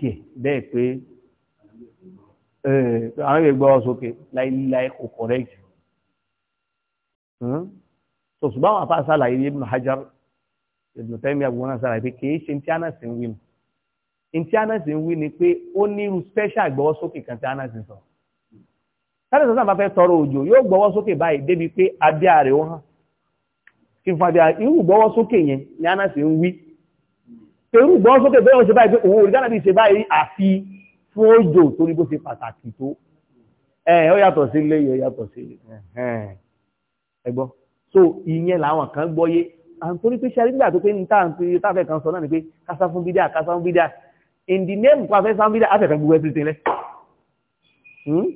kì bẹ́ẹ̀ pé eh, àwọn ìwé gbọ́ sókè láìláì kò kọ̀rẹ́kì hmm? so ṣùgbọ́n àwọn afáà sàlàyé ní Ibn Hajar Ibn Taymiyyah àgbọ̀n náà sàlàyé pé kìí ṣe ti anasi ń wí ni ti anasi ń wí ni pé ó ní irú special gbọ́wọ́ sókè kan ti anasi sọ sáré sọ́sàn bá fẹ́ tọrọ òjò yóò gbọ́wọ́ sókè báyìí débi pé abíà rẹ̀ ó hàn kí n fún abíà irú gbọ́wọ́ sókè yẹn ni anasi ń wí pẹ̀lú gbọ́n sókè bẹ́ẹ̀ wọ́n ṣe báyìí pé òun òrìgánà bí ṣe báyìí àfi fún òjò torí bó ṣe pàtàkì tó ẹ̀ ọ yàtọ̀ sí ilé yìí yàtọ̀ sí ilé ẹ gbọ́ so ìyẹn làwọn kan gbọ́yé àǹtórí pé ṣe nígbà tó pé ní táàfẹ́ kan sọ náà ni pé kásá fún bídíà kásá fún bídíà in the name kó afẹ́ sá fún bídíà afẹ́ kan gbogbo everything lẹ hmm?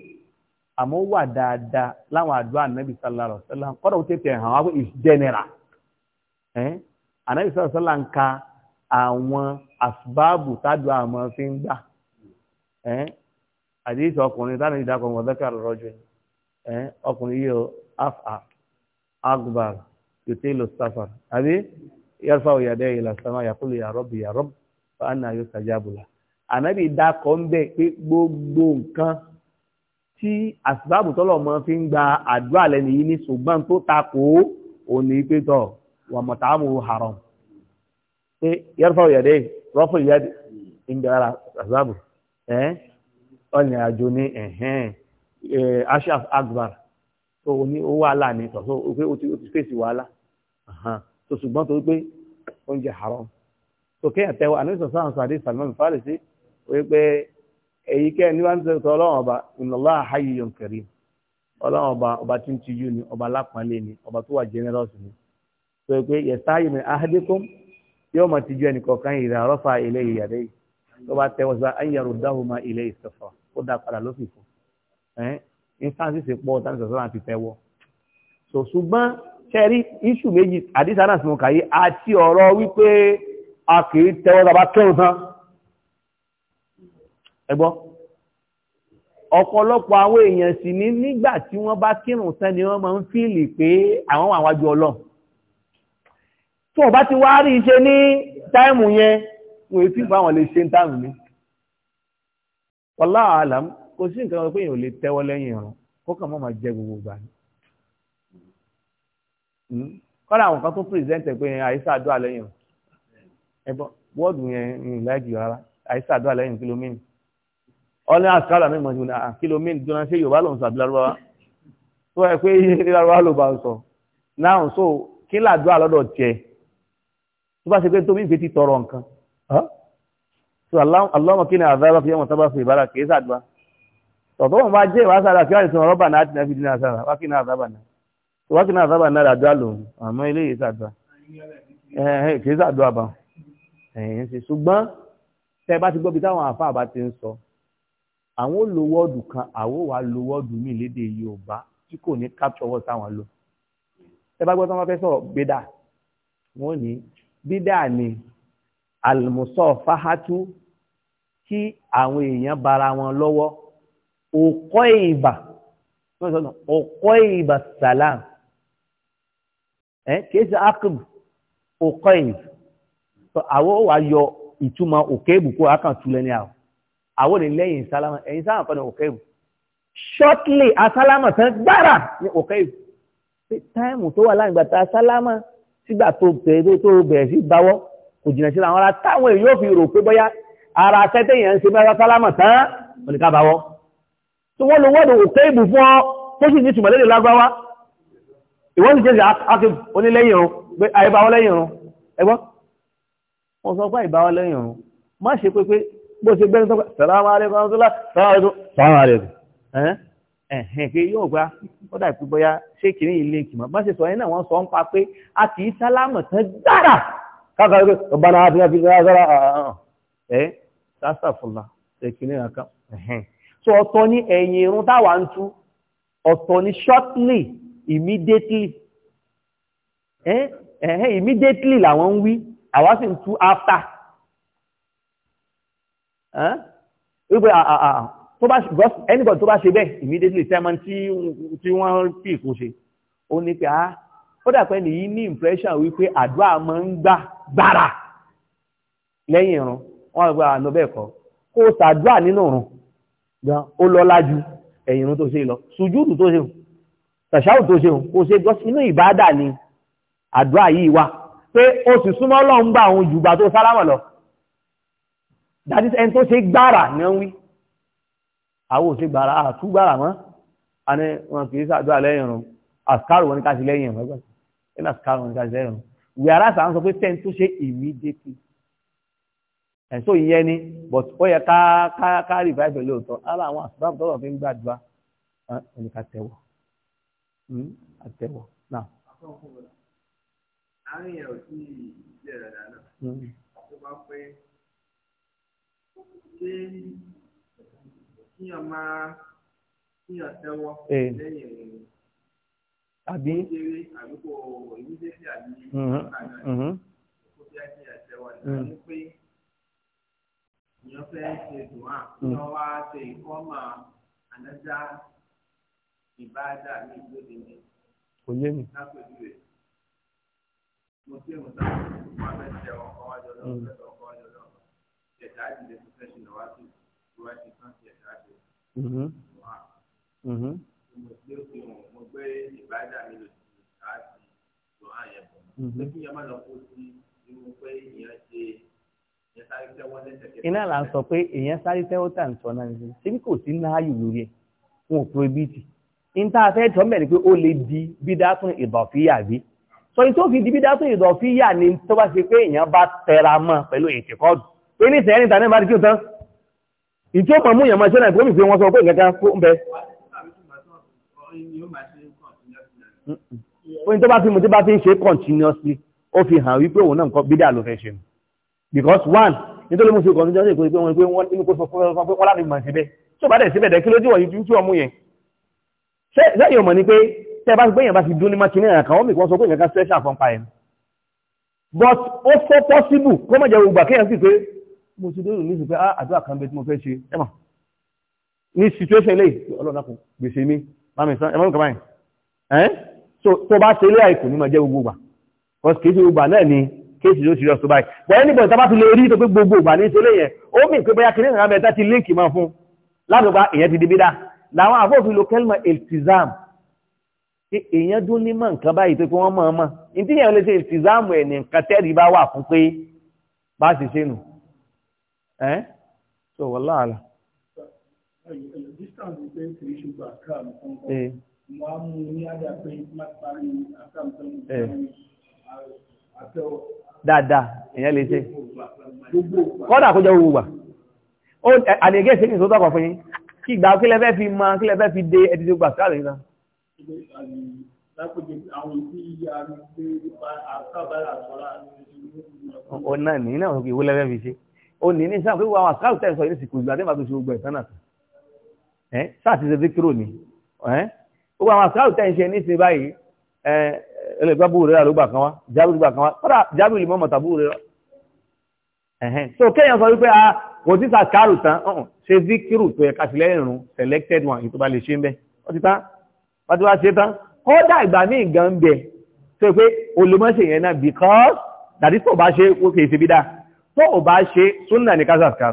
àmọ́ wà dáadáa láwọn àdúrà nàbì sallallahu alaihi wasallam kọ́dọ̀ ó tètè hàn wá pé it's general ànàbì sallallahu alaihi wasallam ń ka àwọn asbáàbù tádùn àmọ́ fi ń gbà àdéhìsì ọkùnrin tánà ìdákọ̀ mọ̀dọ́kà rọ́jò ọkùnrin yìí afa akbar yòtẹ́ lọ sáfàr àbí yàrfà òyàdẹ́ ìlà sàmà yàkúlù yàrọ́bì yàrọ́bì fáànà yóò sàjábùlà ànábì ìdákọ̀ ń bẹ̀ pé gbogbo nǹkan tí àsìbáàbù tọ́lọ̀ mọ́ fi ń gba àdúrà lẹ́nu yìí ní ṣùgbọ́n tó takò ó ní pé tọ̀ haram pé yẹ́rùfà òyàdé rọ́fù ìyáde ìgbàlára azabu ọ̀nà àjò ní ashaf akbar tó o ní owó wàhálà ní tọ̀ tó o pé o ti fèsì wàhálà tó ṣùgbọ́n tó pé oúnjẹ haram tó kéèyàn tẹ́wọ́ àníṣe sọ́hàn sàdé Salman Farisi wí pé èyí kẹ́ ní wọ́n ń sọ ọlọ́run ọba ìnàlá hayyun karim ọlọ́run ọba ọba tí ń tijú ni ọba lápọ̀nlé ni ọba tó wà generous ni tó o pé yẹ sáyé mi ahadikum yóò máa tijú ẹnì kọ̀ọ̀kan ìrìn àrọ́fà ilé ìyàdé yìí tó bá tẹ́wọ́ sí ayẹ̀rù dáhùnmá ilé ìsọ̀fà ó dá padà ló fìfò instances pọ̀ tani sọ̀sọ́ láti tẹ́wọ́ so ṣùgbọ́n ṣẹ́rí iṣu méjì àdìsá náà sì mú kàyé àti ọ̀rọ̀ wípé a kì í tẹ́wọ́ tá a bá kẹ́hùn tán ẹ gbọ́ ọ̀pọ̀lọpọ̀ àwọn èèyàn sì ní nígbà tí wọ́n bá kírun tán ni wọ́n máa ń fíìlì pé àwọn wà wájú ọlọ́run tó ọba ti wá rí iṣẹ́ ní táìmù yẹn wọ́n èyí tí bá wọn lè ṣe ń táìmù ní wallahu alam kò sí nǹkan wọn pé èèyàn lè tẹ́wọ́ lẹ́yìn ìrun kó kàn mọ́ máa jẹ gbogbo ìgbà ni hmm? kọ́lá àwọn kan tó pírẹsẹ̀ntẹ̀ pé àyíṣà àdúrà lẹ́yìn ìrun ẹ̀bọ́ wọ́ọ̀dù yẹn ń láìjì rárá àyíṣà àdúrà lẹ́yìn kìlómínì ọlẹ́ àkàrà mímọ̀ ní ah, kìlómínì jọna ṣe Yorùbá lòun sàbí lárúbáwá tó ẹ pé lárúbáwá ló bá sọ náà so kí làdúrà lọ́dọ̀ tiẹ̀ tó bá ṣe pé tómi ìfẹ́ ti tọrọ nǹkan so aláwọ̀ kí ni àzára fi yọmọ̀ sábà fún ìbára kìí sàdúrà tọ̀tọ̀ wọn bá jẹ́ ìwà sára kí wọ́n lè sọ rọ́bà náà tìǹà fi dínà sára wá kí ní àzábà náà tó wá kí ní àzábà náà àdúrà lòun àmọ́ ilé yìí sàdúrà kìí sàdúrà bá ẹ̀yìn ṣe ṣùgbọ́n tẹ́ bá ti gbọ́ bí táwọn àfáà bá ti ń sọ àwọn ò kan àwọn ò wá lo wọ́ọ̀dù Yorùbá tí kò ní capture word táwọn lò tẹ́ bá gbọ́ tí wọ́n fẹ́ sọ̀rọ̀ gbéda wọ́n ní bídà ni àlùmùsọ̀ fáhátú kí àwọn èèyàn bara wọn lọ́wọ́ òkọ́ ìbà òkọ́ ìbà sàlám kìí ṣe ákùbù òkọ́ ìbà àwọn ò wá yọ ìtumọ̀ òkè ìbùkú akàntúlẹ̀ ní àwọn àwọn ní lẹ́yìn sálámà ẹ̀yìn sálámà kan ní òkè shortly asálámà tán gbára ní òkè ìbù táìmù tó wà láìgbàtà sálámà sígbà tó bẹ̀rẹ̀ tó bẹ̀rẹ̀ sí báwọ́ kò jìnà sí àwọn ará táwọn èyí yóò fi rò pé bóyá ara tẹ́tẹ́ yẹn ń ṣe mẹ́ta sálámà tán wọ́n ní ká báwọ́ tí wọ́n lo wọ́ọ̀dù òkè ìbù fún ọ tó sì ní tùmọ̀ lédè lágbáwá ìwọ́n sì jẹ́sì ákí onílẹ́yìn ọ̀run pé àìbáwọ́ lẹ́yìn ọ̀run ẹgbọ́ wọ́n sọ pé àìbáwọ́ lẹ́yìn ọ̀run má ṣe pé pé bó ṣe gbẹ́ni tó pẹ́ sàlámà ẹ̀hìn yóò gba ó dà ṣé bá ṣe sọ wọ́n sọ ń a kì í sálámọ̀ tán dára káàkiri ọba náà fi fi sásàfùlà ṣe kìíní kankan so ọ̀tọ̀ ní ẹ̀yìn irun táwa ń tú ọ̀tọ̀ ní shortly immediately immediately làwọn ń wí àwa sì ń tú after tó bá anybody tó bá ṣe bẹ́ẹ̀ immediately sẹ́mọ̀n tí wọ́n fi ìkún ṣe ó ní pé ah ó dàpẹ́ nìyí ní impression wípé àdúrà máa ń gbà gbàrà lẹ́yìn ìrun wọ́n gba àná ah, bẹ́ẹ̀ kọ́ kó o ṣàdúrà nínú ìrun gan ó lọ lájú ẹ̀yìn ìrun tó ṣe lọ sùjúdù tó ṣe tàṣáwù tó ṣe kó o ṣe gọ́sí inú ìbádà ni àdúrà yìí wà pé o sì súnmọ́ Ọlọ́run bá òun jùgbà tó sálámọ̀ lọ that is ẹni tó ṣe gbàrà ni wọ́n wí àwọn òṣè gbàrà àtú gbàrà mọ́ a ní wọn kì í ṣàdúrà lẹ́yìn ọ̀run àṣkárò wọn ní káṣí lẹ́yìn ọ̀run ẹgbẹ́ ẹ̀nà àṣkárò wọn ní káṣí lẹ́yìn ọ̀run we are as à ń sọ pé ten tó ṣe immediately ẹ̀ tó ìyẹn ni but revive lóòótọ́ ara àwọn àṣùbà tọ́lọ̀ fi ń gbàdúrà ẹni ká tẹ̀wọ̀ àtẹ̀wọ̀ hmm? náà. àárín ẹ̀ ò tí bá hmm. pé kíyàn máa kíyàn tẹ́wọ́ lẹ́yìn ẹ̀rọ àbí kéré àdúgbò ìwúdésí àbí àná kó bí a kíyàn tẹ́wọ́ ní pé èèyàn fẹ́ ṣe dùn án mm. kí wọ́n wá ṣe ìkọ́mà ànájá ìbáadà ní ìgbóde ní. kò yé mi. lápẹ̀lú rẹ̀ mo tí èèmù táwọn máa fẹ́ tẹ ọkọ̀ wájọ lọ́wọ́ mm. fẹ́ tẹ ọkọ̀ wájọ lọ́wọ́ ẹ̀dá ìdílé professional wá sí ìwádìí kan tiẹ̀ mo gbé ìbáàdà mi lò sí káàdì tó àyẹ̀ bọ̀ ṣé kí yẹn má lọ kó sí irú pé ìyẹn ṣe ìyẹn sáré tẹ́wọ́ lẹ́sẹ̀kẹsẹ̀. iná là ń sọ pé èèyàn sáré tẹ́wọ́ tà ń sọ náà nìyẹn ṣé kò sí náàyù lórí ẹ̀ wọn ò prohibiti níta fẹ́ tọ́ mẹ́rin pé ó lè di bídátún ìdọ̀fíyà bí sọ ní tó fi di bídátún ìdọ̀fíyà ni tó bá ṣe pé èèyàn bá tẹra mọ́ pẹ̀lú ètìkọ́dù pé ní ìsẹ̀yìn ìtàn náà bá ti kí o tán ìtí ó mọ̀mú ìyàmọ̀ ṣẹlẹ̀ ìgbómi fi wọn sọ pé ìgbẹ́ta kó ń bẹ. oyin tó bá fi mu tí bá fi ń ṣe continuously ó fi hàn wípé òun náà nǹkan bídà ló fẹ́ ṣe because one nítorí mo ṣe kọ̀ níjọ́ ìpè pé wọ́n pé wọ́n inú kó sọ fún wọn pé wọ́n láti mọ̀ síbẹ̀ tí ó bá dẹ̀ síbẹ̀ dẹ̀ kí ló dé wọ̀nyí tí ó mú yẹn sẹ́yìn ọmọ ni pé tẹ́ bá gbé yẹn bá fi dún ní mákìnnì ẹ̀ka wọ́n mi kàn sọ pé ìyẹn ká special yẹn but ó fọ́ possible kó má jẹ́ gbogbo sì pé mo ti dóòrùn nísìsiyìí pé ah, àdúrà kan bẹ tí mo fẹ́ ṣe ẹ mọ̀ ní situation ilé ọlọ́run kò gbèsè mi mami san ẹ mọ̀ nǹkan báyìí ẹ́ tó bá ṣe ilé àìkò ní ma jẹ́ gbogbo gbà because kìí ṣe gbogbo náà ni kéèsì ló serious tó báyìí but anybody tó bá ti lè rí tó pé gbogbo gbà ní ìṣẹ́lẹ̀ yẹn ó mì pé bóyá kìnìún àmì ẹ̀dá ti líǹkì máa fún ládùúgbà èèyàn ti di bídà làwọn àfọ́fin lo kelma eltizam pé èèyàn dún ní mọ̀ nǹkan báyìí tó pé wọ́n mọ̀ ọmọ ìdíyàn lè ṣe eltizam ẹ̀ ní nǹkan tẹ́rì bá wà fún pé bá ṣe ṣe nù eh, so wọ́n láàlá. distance pé kì í ṣùgbọ́n àkàrà fún ọ wọ́n á mú ní àdá pé má parí àkàrà fún eh. ọ dáadáa èyàn lè ṣe kọ́dà kó jẹ́ owó wà àdìgẹ́ ìṣẹ́kì tó tọ́kọ̀ fún yín kí ìgbà kí lẹ́fẹ́ fi ma kí lẹ́fẹ́ fi dé ẹdí tó gbà sí àlè náà ọ̀nà ní náà ìwé lẹ́fẹ́ fi ṣe ó ní ní sáà pé wọ́n àwọn àkáàtù tẹ̀ sọ yìí sì kò ìgbà tẹ́lẹ̀ bá tó ṣe gbogbo ẹ̀tàn náà ẹ̀ sáà ti ṣe díkírò ni ẹ̀ gbogbo àwọn àkáàtù tẹ̀ ń ṣe ní ìsìn báyìí ẹ̀ ẹlẹ́gbẹ́ búrò rẹ̀ ló gbà kan wá jábìlì gbà kan wá kódà jábìlì mọ́ mọ̀tà búrò rẹ̀ ẹ̀hẹ́n so kéèyàn sọ wípé ah kò sí sàkárù tán ṣe díkírù tó yẹ ká sílẹ̀ ìrùn selected one èyí tó bá lè ṣe ń bẹ́ ó ti tán wọ́n ti wá ṣe tán kódà ìgbà míì gan bẹ̀ tó yẹ because dàdí tó bá ṣe ó fi èsì tó ò bá ṣe súnà ní kásàkà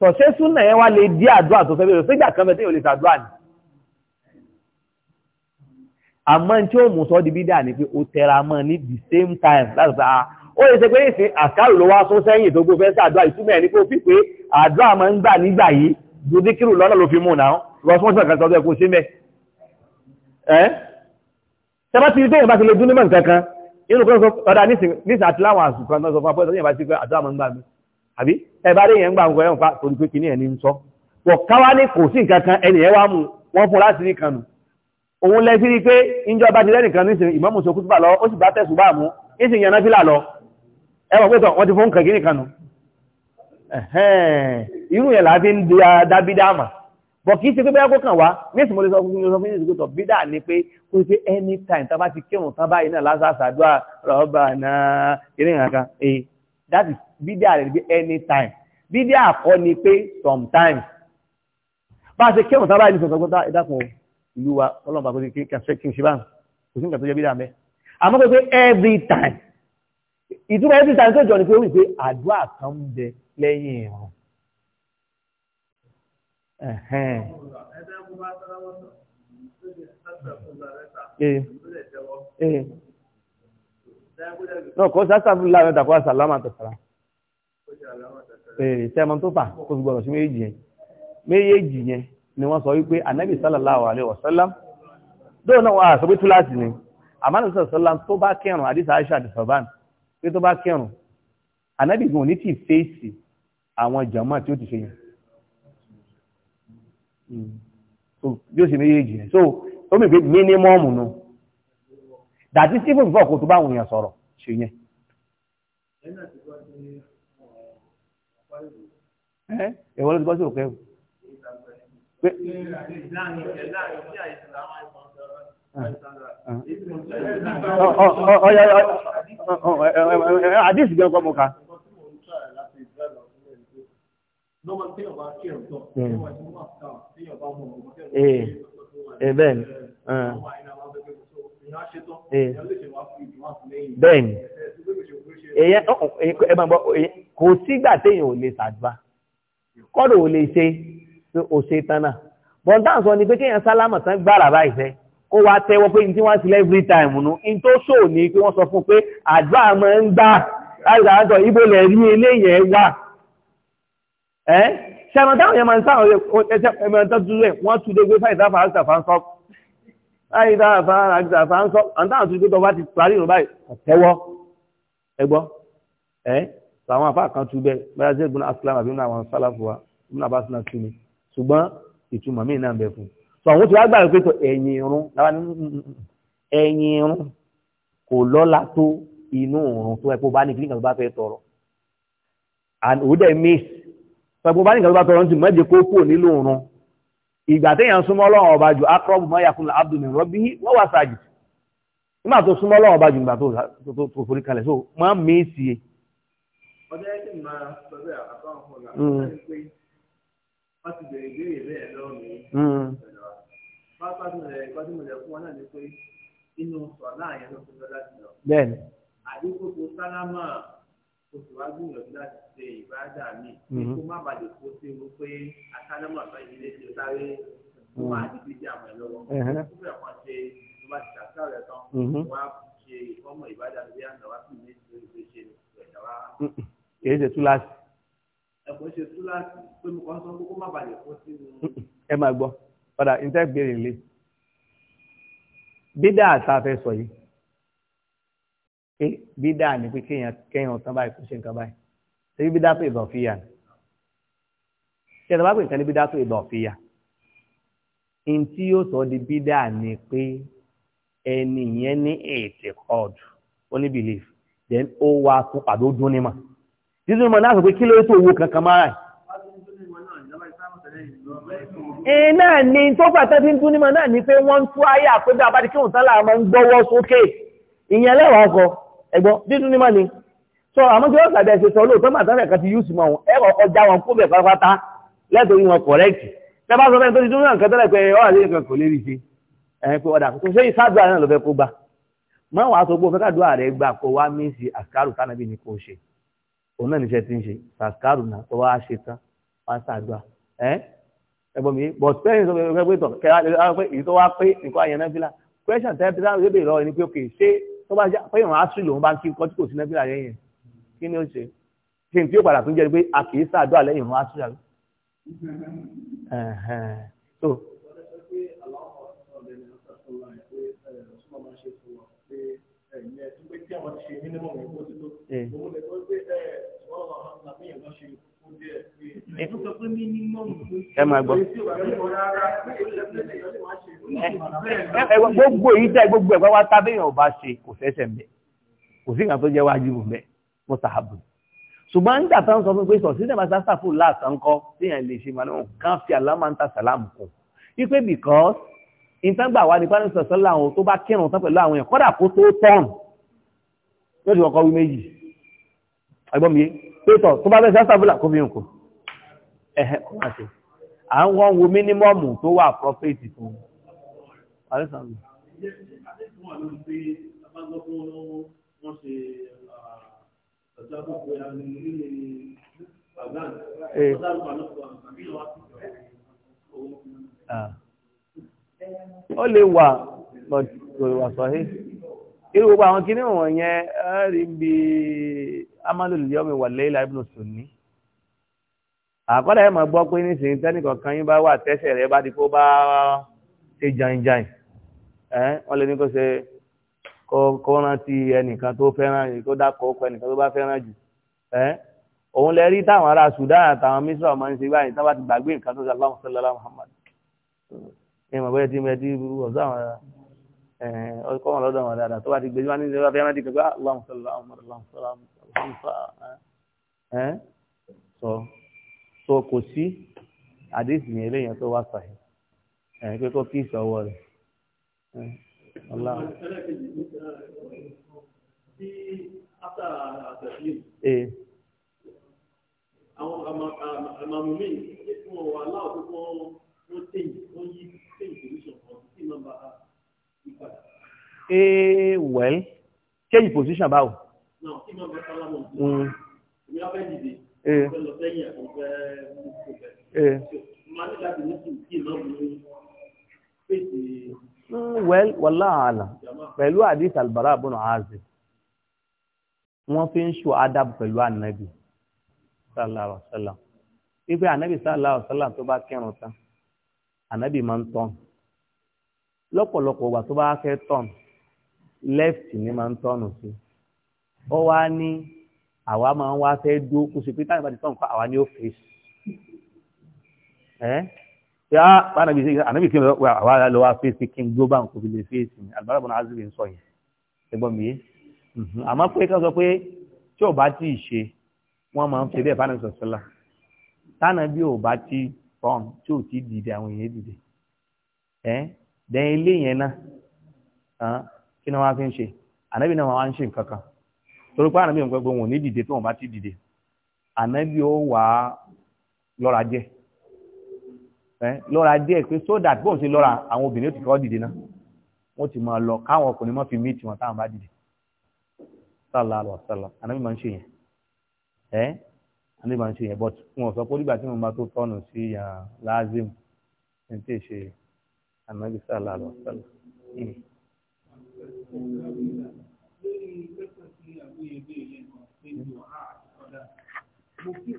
tọ̀ ṣé súnà yẹn wá lè dí àdúrà tó fẹ́ sígbà kan bẹ̀ tí yóò lè ṣàdúrà ni àmọ́ tí ó mú sọ di bídà ni pé ó tẹra mọ́ ní the same time láti sá ó lè ṣe pé ìsìn àkàrò ló wá sún sẹ́yìn tó gbófẹ́ sàdúrà ìtumọ̀ ẹ̀ ní kó fi pé àdúrà máa ń gbà nígbà yìí ju díkìrù lọ́nà ló fi mú náà lọ fún ọ̀sán kan sọ́dọ̀ ẹ̀kọ́ sí mẹ́ ẹ́ tẹ́bá ti rí tẹ́yìn bá ti lè dún nímọ̀ nǹkan kan inú kọ́ ọ̀dá nísìn àti láwọn àsùnkọ́ náà sọ fún apọ́ ìtọ́jú ìbá sí pé àdúrà máa ń gbà mí àbí ẹ̀bá rí yẹn ń gbà ń gbọ́yọ̀ pa torí pé kìíní ẹni ń sọ wọ̀ káwá ní kò sí nǹkan kan ẹni ẹwà mú wọn fún láti rí kan nù òun lẹ́sí rí pé ìjọba ti lẹ́nìkan nísìn ìmámù sọ kútùbà lọ ó sì bá tẹ̀sùn bá mú ìsìn yẹn náfìlà lọ ẹwà pé tọ̀ wọ́n ti fún kàn kìíní kan nù irú yẹn láti ń di dábídáàmà bọ̀ kì í ṣe pé bẹ́ẹ̀ kó kàn wá ní ìsìnkú lè sọ fún mi sọ fún mi ìsìnkú tó bí dáa ni pé kó ṣe anytime tá a bá ti kírun tán báyìí náà lásán àṣàdúrà rọ́bà náà eré ìrìn kan ee eh, that is bí dáa rẹ̀ bí anytime bí dáa kọ́ ni pé sometimes bá a ṣe kírun tán báyìí ní sọ̀tọ̀ gbọ́dá ẹ dákun ìlú wa ọlọ́run bá kó kí n ṣe báyìí kò sí nǹkan tó jẹ́ bí dáa mẹ́ every time ìtumọ̀ every time tó jọ ni pé ó wù pé àdúrà kan ń ẹ̀hẹ́n. Eh. Eh. náà kọ́ sásàfù láàrin tàkọ́ àsàlámà tẹ̀sára tẹ́mọ eh, tó fà tó fi gbọ́nà sí méjì yẹn méjì yẹn ni wọ́n sọ wípé anábì sallallahu alaihi wasallam dóò náà wà sọ pé túláàsì ni àmánà sallam tó bá kẹrùn àdìsá aṣọ àdìsọ̀bán pé tó bá kẹrùn anábì gùn ní ti fèsì àwọn jàmáà tí ó ti ṣe yóò ṣe méjèèjì yẹn so ó mì pé mínímọ́ọ̀mù nù dàtí sífù bífọ̀ kó tó bá àwọn èèyàn sọ̀rọ̀ ṣe yẹn. ẹ̀wọ̀n ló ti bọ́ sí òkè Àdísì gan kọ́ mọ́ ká bẹ́ẹ̀ni hmm. eh. eh, bẹ́ẹ̀ni eh. ah. oh, oh, ẹ máa gbọ́ kò sígbà téèyàn ò lè ṣàdúrà kọ́dọ̀ ò lè ṣe pé ò ṣe tán náà bọ́ńtà sọ ni pé kéèyàn sálámà tán gbàrà báyìí fẹ́ kó wa tẹ́wọ́ pé ní tí wọ́n ti lẹ́ every time nù in tó ṣò ní pé wọ́n sọ fún pé àdúrà máa ń gbà láti àwọn ìbò lẹ̀ rí eléyẹn wà ẹ́ eh? ṣẹ́mọ̀ táwọn yẹn máa ń sáwọn ẹ̀mọ̀ tó dúró ẹ̀ wọ́n tún lé gbé fáìdá fàáṣà fáńsọ́ fáìdá fàáṣà fáńsọ́ àǹtáwọn tún gbé tó bá ti parí ìrùn báyìí ọ̀tẹ́wọ́ ẹgbọ́ ẹ́ àwọn afá kan tún bẹ́ẹ̀ bẹ́ẹ̀ ṣe gbọ́n asilam àbí nínú àwọn sálàfù wa nínú àbá sinà tún ni ṣùgbọ́n ìtumọ̀ míì náà bẹ fún sọ àwọn tí wàá gbà pé tó ẹ̀yìn irun lára ní mm, mm, mm. ẹ̀yìn irun kò lọ́la tó inú òrùn tó ẹ̀ kó bá ní kíníkà tó bá fẹ́ tọrọ and òwúdẹ̀ miss sọ̀gbọ́n bá ní tọrọ mẹ́jẹ kó nílò ọba jù akọ́bù mọ́yàkùn rọ́bí wọ́n wà sáàjì nígbà tó ọba jù nígbà tó forí kalẹ̀ so máa ń sí i. ọjọ́ yẹn kí n máa sọ hmm. pé àbáwọn ọ̀la wọ́n ti bèrè ìbéèrè bẹ́ẹ̀ lọ́wọ́ mi. Hmm. pápá tó oṣù wa gbìyànjú láti ṣe ìbáradà mi mhm. kó má bàjẹ́ kó ṣe wo pé akádámọ̀ àbá ilé ti sáré wọn àti bíbí àwọn ẹ̀ lọ́wọ́ kó bẹ̀rẹ̀ kan ṣe tó bá ti ṣàṣà rẹ̀ tán mhm. wọ́n á ṣe ìfọ́mọ̀ ìbáradà bí àná wá sí ilé ìṣòro ìṣe ṣe ẹ̀dá wa. kì í ṣe túláàsì. ẹ ṣe túláàsì pé mo kàn sọ pé kó má bàjẹ́ kó sí mi. ẹ máa gbọ́ padà ní lé bídà àtàfẹ́ yìí pé bídà ni pé kéèyàn kéèyàn tán báyìí kò ṣe nǹkan báyìí ṣe bí bídà tó ìbọn fìyà ni ṣe ìdàgbà pé nǹkan ní bídà tó ìbọn fìyà ní tí yóò sọ di bídà ni pé ẹni yẹn ní ètìkọọdù ó ní belief then ó wá tún pàdé ó dún ní mà títí mo náà sọ pé kí ló tó owó kankan mára ẹ̀ iná ni tó pàtẹ́ fi ń tún nímọ̀ náà ni pé wọ́n ń tú ayé àpéjọ àbádìí kí òun tán láàmọ́ ń gbọ́wọ́ sókè ìyẹn lẹ́wọ̀n ọkọ̀ ẹgbọ́n dídún ní máa ní sọ àmọ́ tí wọ́n sàbẹ̀ ṣe sọ lóòótọ́ màtá rẹ̀ kan ti yúùsì mọ́ wọn ẹ̀rọ ọjà wọn kó bẹ̀ pátápátá lẹ́tọ̀ọ́ wọn kọ̀rẹ́kì tẹ́ bá sọ fẹ́ tó ti dún náà nǹkan tẹ́lẹ̀ pé ọ̀ àlẹ́ kan kò lè rí ṣe ẹ̀ pé ọ̀dà kò ṣe ìṣáàdúrà náà ló fẹ́ kó gbà má wàá sọ pé o fẹ́ kàdúrà rẹ̀ gbà kó wá mí sí àṣkárù tánàbí ni kò ṣe òun náà níṣẹ́ ti ń ṣe àṣkárù náà tó wá ṣe tán wá ṣàdúrà ẹ̀ ẹ̀gbọ́n mi bọ̀ sẹ́yìn sọ pé kẹ́ pé tọ̀ kẹ́ pé èyí tó question tẹ́ bí sáà ló dé lọ ẹni pé ok tó bá jẹ́ pé ìrun àṣírí lòun bá ń kí nǹkan tí kò sí nẹ́bílà yẹn yẹn kí ni ó ṣe ṣe tí ó padà tún jẹ́ pé a kì í ṣàdúrà lẹ́yìn ìrun àṣírí àlọ́. so eh ẹ máa gbọ́. gbogbo èyí tẹ́ gbogbo ẹ̀gbọ́n wá tábẹ́yàn ọba ṣe kò sẹ́sẹ̀ mbẹ̀ kò sí ìgbà tó jẹ́ wájú mbẹ̀ mo sàbù. ṣùgbọ́n nígbà tó ń sọ fún pé sọ sí ìdàgbàsá sàfù láàtàn kọ́ téèyàn lè ṣe màlúù kan fi àlámà ń ta sàlámù kù. wípé because ìtàgbà wa ni pálí sọ̀sọ́ làwọn tó bá kírun tán pẹ̀lú àwọn èèyàn kọ́dà kó tó tán yóò ti kọ́kọ́ wí méjì. ẹgbọ́n mi yé pétọ̀ tó bá fẹ́ sásàbùlà kó fi ń kò ẹ̀hẹ́ ọ̀pàṣẹ à ń wọ́n wo mínímọ́ọ̀mù tó wà prọ́fẹ́tì fún alẹ́sàmù ó lè wà lọ́dún tó wà sọ́hé irú gbogbo àwọn kí ní wọ̀n yẹn rí bí amálòlùyọ́mì wà lẹ́yìnlá ibùdó sùnní àkọ́dà ẹ̀ mọ̀ gbọ́ pé nísìnyí tẹ́nìkan kan yín bá wà tẹ́sẹ̀ rẹ̀ bá di kó bá ṣe jàǹjàǹ ẹ̀ wọ́n lè ní kó ṣe kó rántí ẹnìkan tó fẹ́ràn jù kó dákọ̀ ọkọ̀ ẹnìkan tó bá fẹ́ràn jù ẹ̀ òun lè rí táwọn ará Sudan àtàwọn Misra máa ń ṣe báyìí táwọn ti gbàgbé nǹkan tó ṣe aláwọ̀ sọ́lá ọkọ̀ eh, wọn lọ́dọ̀ wọn dáadáa tó bá ti gbé wọn nílé wọn fi ẹran dìgbà Allahumma salli ala Muhammad Allahumma salli ala Muhammad ẹ sọ sọ kò sí àdéhùn yẹn léèyàn tó wá sàyẹn ẹ eh, pé kó kí ìsọwọ rẹ ẹ ọlá. Eh, well, kéyì position báwo? Well, wallahu alam, pẹ̀lú Hadith Al-Bara ibn Azib, wọ́n fi ń ṣò adab pẹ̀lú ànábì, sallallahu alaihi wasallam. Ife ànábì sallallahu alaihi wasallam tó bá kẹrùn tán, ànábì máa ń tán lọ́pọ̀lọpọ̀ ìgbà tó bá fẹ́ tọ̀n left ni máa ń tọ̀nù sí ọ wá ní àwa máa ń wá fẹ́ dúró kó sì pé táyà bá ti tọ̀n kọ́ àwa ni ó fèsì ẹ́ yá bánàbí sí ànábì kí àwa lọ wá fèsì kí n gbó bá nǹkan fi lè fèsì ni àlùbáràbọ̀ náà azubi ń sọ yẹn ẹgbọ́n mi mhm. àmọ́ pé ká sọ pé tí ò bá tí ì ṣe wọ́n máa ń fi bẹ́ẹ̀ bánàbí sọ̀sọ́lá tánàbí ò bá tí tọ̀n tí ò tí dìde àwọn èèyàn dìde dẹ́n ilé yẹn náà ah, kí ni wọ́n á fi ń ṣe ànábì náà wọ́n á ń ṣe nǹkan kan torí pé ànábì nǹkan gbogbo wọn ní dìde tó wọn bá ti dìde ànábì ó wà á lọ́ra díẹ̀ lọ́ra díẹ̀ pé so that bóun ṣe lọ́ra àwọn obìnrin ó ti kọ́ dìde náà wọ́n ti máa lọ káwọn ọkùnrin máa fi míìtì wọn táwọn bá dìde sallallahu alaihi wasallam ànábì máa ń ṣe yẹn ànábì máa ń ṣe yẹn but wọn sọ pé nígbà tí mo máa tó tọ́nù sí yàn ah, láàzìm ní tí ì ṣe yẹn ànábì sàlá lọ sàlá. mo kí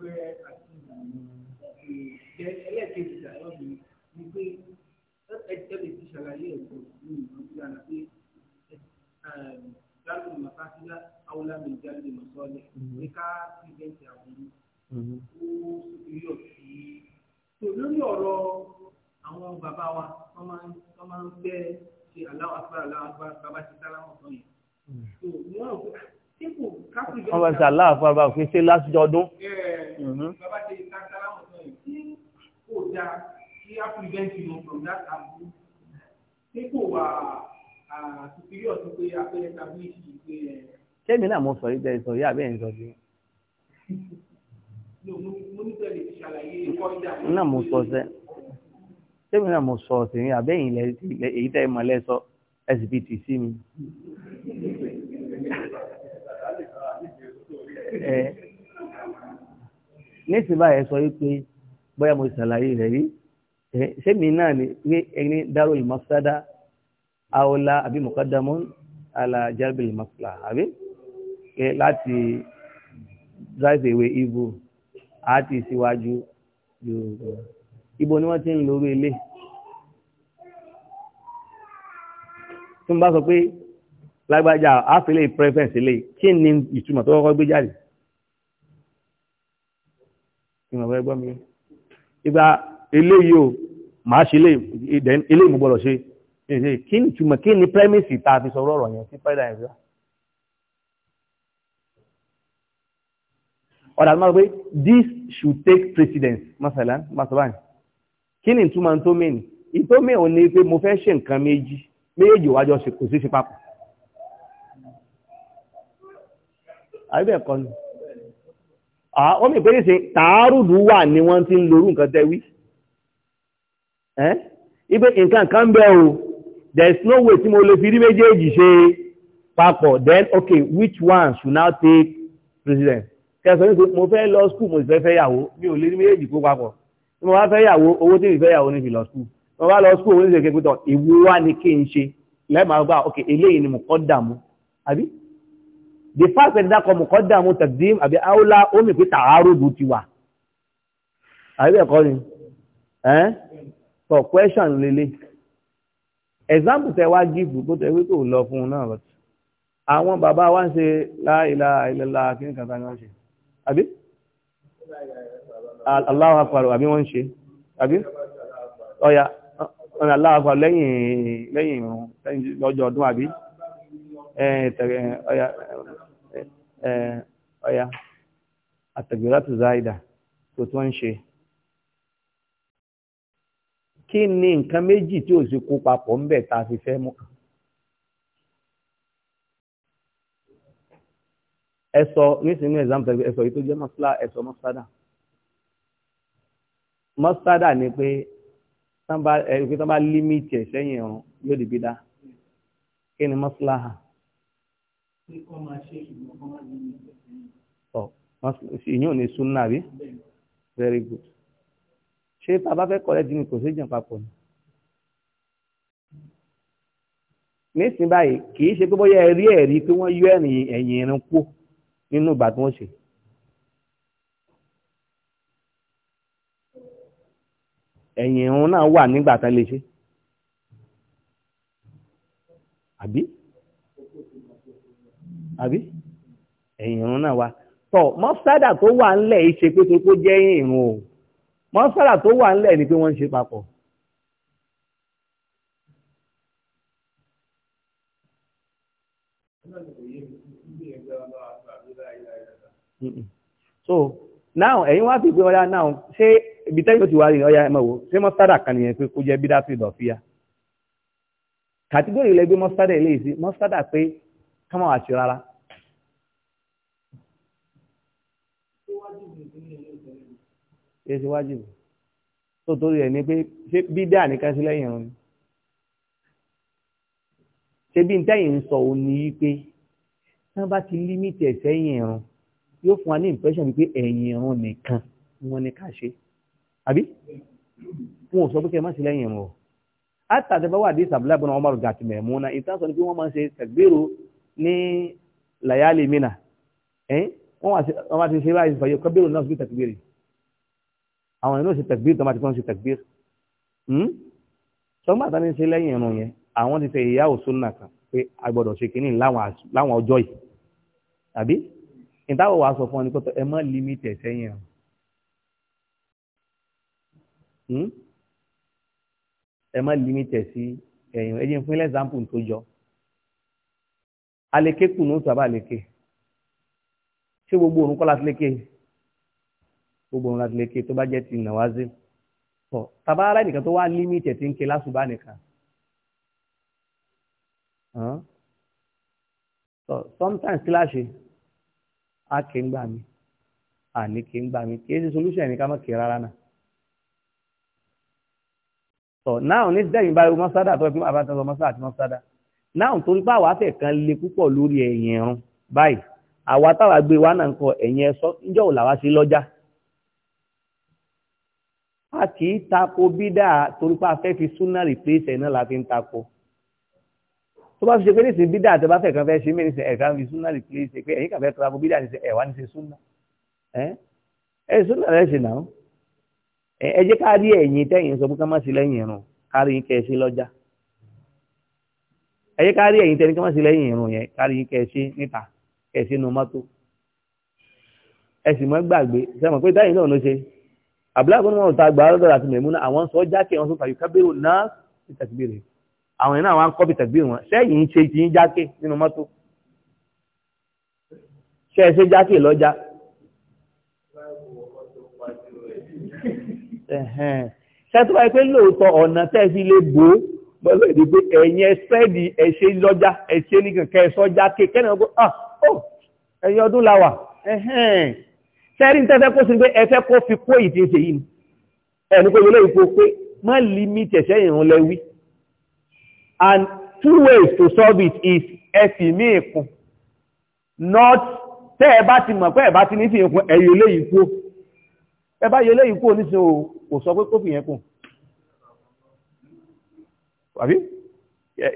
pé ẹlẹ́ẹ̀kejì ìdájọ́ mi ni pé ẹ̀jẹ̀ lè ti ṣàlàyé ẹ̀kọ́ ní ìlú bí ara pé jáde màkàtúndà àwòlá mi jáde màsọ́ọ̀lẹ̀ pé ká pírẹ́ǹtì àwòrán ó superior sí i. tó lórí ọ̀rọ̀ àwọn bàbá wa wọ́n máa ń fẹ́ ṣe aláwọ̀ agbára aláwọ̀ bàbá ti sálámọ̀ sọ́yìn. tó wọ́n rò pé wọ́n bá ṣe aláàfọ́ àbá òfin ṣe lásìjọ ọdún. Kémi náà mo sọ̀rí jẹ́ ìsọ̀rí àbẹ́ ìsọ̀rí. Náà mo sọ sẹ́. Kémi náà mo sọ ọ̀sẹ̀ yín àbẹ́yìn èyí tẹ́ ìmọ̀lẹ́sọ SBTC mi. ẹ̀ nísìnyí báyìí sọ wípé bóyá mo ṣàlàyé rẹ̀ rí sẹ́mi náà ni pé ẹni dárò ìmọ̀sádá aola àbí mọ̀kádàmọ́ alajabil masla àbí láti drive away evil àti ìsíwájú yorùbá ibo ni wọ́n ti ń lórí ilé tí wọ́n bá sọ pé lágbájá àfilẹ̀ preference ilé kí ni ìtumọ̀ tó kọ́kọ́ gbé jáde ìmọ̀ ẹgbọ́ mi ìgbà eléyìí o máa ṣe eléyìí mo gbọ́dọ̀ ṣe kí ni ìtumọ̀ kí ni premise ta fi sọ ọ̀rọ̀ yẹn sí pẹ́lá ẹ̀rọ ọ̀dà tó máa pé this should take precedence masalan masalan kí ni ìtumọ̀ tó mẹ́ni ìtó mẹ́ òní pé mo fẹ́ ṣe nǹkan méjì méjì wájọ́ kò sí ṣe papọ̀ àbẹ́ẹ̀kọ́ ni ó mì pé níṣe tààrùdù wà ní wọ́n ti ń lorú nǹkan tẹ́wí ipe nǹkan kan bẹ́ o there is no way tí mo lè fi rí méjèèjì ṣe papọ̀ then okay which one should now take president kẹsàn ní pé mo fẹ́ lọ school mo sì fẹ́ fẹ́ yàwó mi ò lè rí méjèèjì kó papọ̀ tí mo bá fẹ́ yàwó owó tí mi school mo bá lọ school owó ní fi kékeré tán èwo wá ni kí n ṣe lẹ́ẹ̀ma gbà okay eléyìí ni mo kọ́ dààmú àbí the fact pẹ̀lú dákọ̀ mọ̀kọ́dàmú taqdim àbí áúlá omi pé tààrùdù ti wà àríbẹ̀ ẹ̀kọ́ ni ẹ́n so question lele example tẹ wá gífù tó tẹ wípé ò lọ fún un náà lọ àwọn bàbá wa ń ṣe láìlà ìlẹ́lá kíní kan sáà ń ṣe àbí Allahu Akbar àbí wọ́n ń ṣe àbí ọ̀yà ọ̀nà Allahu Akbar lẹ́yìn lẹ́yìn lọ́jọ́ ọdún àbí ọ̀yà eh, àtẹ̀gbẹ̀rátù zaida tó tó ń ṣe kí ni nǹkan méjì tí ò sí kó papọ̀ ń bẹ̀ fi fẹ́ mú kan ẹ nísìnyí exam ẹsọ yìí tó jẹ́ mọ́sálà mọ́sádà mọ́sádà ni pé tán bá límìtì ẹ̀ sẹ́yìn ọ̀run yóò dìbí dá kí ni mọ́sálà hàn pé kọ́ máa ṣe ìmọ̀ kan máa ìyún ni sunna rí very good ṣé tá a bá fẹ́ kọ́lẹ́ dín ní kò sí jàn papọ̀ ni. nísìnyí báyìí kì í ṣe pé bóyá ẹ̀rí ẹ̀rí pé wọ́n yọ ẹ̀yìn ẹ̀rin kú nínú ìgbà tí wọ́n ṣe. ẹ̀yìn ìrun náà wà nígbà tán lè ṣe àbí àbí ẹ̀yìn ìrún náà wa tọ mọ́sádà tó wà ńlẹ̀ yìí ṣe pé tó jẹ́ ìrún o mọ́sádà tó wà ńlẹ̀ ni pé wọ́n ń ṣe papọ̀. so now ẹ̀yin wá sí pé ọ̀yá now ṣé ibi tẹ́yìn tó ti wá rí ọ̀yá ẹ̀ mọ̀ wò pé kó jẹ́ rárá. kì í ṣe wájìbù tó torí rẹ̀ ni pé ṣé bídà nìkan sí lẹ́yìn ọ̀run ṣé bí n tẹ́yìn ń sọ òun ni yí pé tí wọ́n bá ti límìtì ẹ̀ sẹ́yìn ẹ̀rùn yóò fún wa ní impression wípé ẹ̀yìn ẹ̀rùn nìkan wọn ni ká ṣe àbí wọn ò sọ pé kẹ́ ẹ má ṣe lẹ́yìn ẹ̀rùn o àtàtẹ́fẹ́ wà dé sàbílà bọ́nà ọmọ rẹ̀ gàtì mẹ̀múnà ìtàn sọ ni pé wọ́n máa ń ṣe tẹ̀gbèrò ní làyálì mìnà wọ́n wá ti ṣe báyìí fàyè kọ́bẹ̀rù náà sí tẹ̀gbèrè àwọn ìlú ṣe tẹ̀gbìr tó máa ti kọ́ ṣe tẹ̀gbìr sọgbà hmm? tán ní ṣe lẹ́yìn irun yẹn àwọn ti ṣe ìyá òṣùnà kan pé a gbọ́dọ̀ ṣe kínní láwọn ọjọ́ yìí tàbí ìtawọ̀ wàá sọ fún ọ ní pẹ́tọ́ ẹ má límítì ẹ̀ sẹ́yìn irun hmm? ẹ má límítì ẹ̀ sí ẹ̀yìn ẹ̀yìn fún ilẹ̀ tó jọ aleke kùnú sábà leke ṣé gbogbo òun kọ́ láti leke yìí gbogbo ọ̀run adìlẹ́kẹ́ tó bá jẹ́ ti nàwází tọ̀ tàbá ara nìkan tó wá límítẹ̀ tí ń ké lásùbá nìkan tọ̀ sometimes kíláàsì á ké ń gbà mí àní ké ń gbà mí kì í ṣe solution ẹ̀ ní ká má ké rárá náà tọ̀ náà ní sẹ́yìn bá irun mọ́sádà tó ẹkún àbátan sọ mọ́sádà àti mọ́sádà náà torí pé àwa fẹ̀ kan le púpọ̀ lórí ẹ̀yìn ẹ̀rùn báyìí àwa táwa gbé wa náà ń kọ ẹ̀yìn ẹ̀sọ́ níjọ́ òlàwá sí lọ́jà a kì í tako bídà torí pé a fẹ́ fi súnà replace ẹ̀ náà la fi ń tako tó bá fi ṣe pé ní ìsìn bídà tó bá fẹ́ kan fẹ́ ṣe mẹ́rin ṣe ẹ̀ka fi súnà replace pé ẹ̀yìn kan fẹ́ tako bídà ní ṣe ẹ̀wá ní ṣe súnà ẹ̀ súnà rẹ̀ ṣe náà ẹ jẹ́ ká rí ẹ̀yìn tẹ́yìn sọ pé ká má sí lẹ́yìn irun ká rí kẹ́ ẹ ṣe lọ́jà ẹ jẹ́ ká rí ẹ̀yìn tẹ́yìn ká má sí lẹ́yìn irun yẹn ká rí àbúláàgbọ́n wọn ta gbà lọ́dọ̀ àti mẹ̀múnà àwọn sọ jákè wọn sọ́fà yóò kábírò náà sí tàkbírì àwọn iná àwọn akọ́bí tàkbírì wọn sẹ́yìn ṣe ti ń jákè nínú mọ́tò ṣe ṣe jákè lọ́jà ṣẹ́tọ́ báyìí pé lóòótọ́ ọ̀nà tẹ́sí lè bò ó bọ́lá èdè pé ẹ̀yin ẹ̀sẹ́ẹ̀dì ẹ̀ṣẹ́ lọ́jà ẹ̀ṣẹ́ nìkan kẹ́ẹ̀sọ́ jákè kẹ́ni ọgbọ́n ah oh ẹ̀yin ọdún la wà sẹ́rí tẹ́fẹ́ kó sí pé ẹfẹ́ kó fi kó ìdí ṣe yìí ẹni kó yẹlẹ́ ìkó pé má limit ẹ̀ṣẹ́ ìrún lẹ́wí and two ways to solve it is ẹfì mí ìkún not tẹ́ ẹ bá ti mọ̀ pé ẹ bá ti ní fi ìkún ẹ̀yọ lé ìkó ẹ bá yẹlẹ́ ìkó oníṣẹ́ ò sọ pé kó fi yẹn kún àbí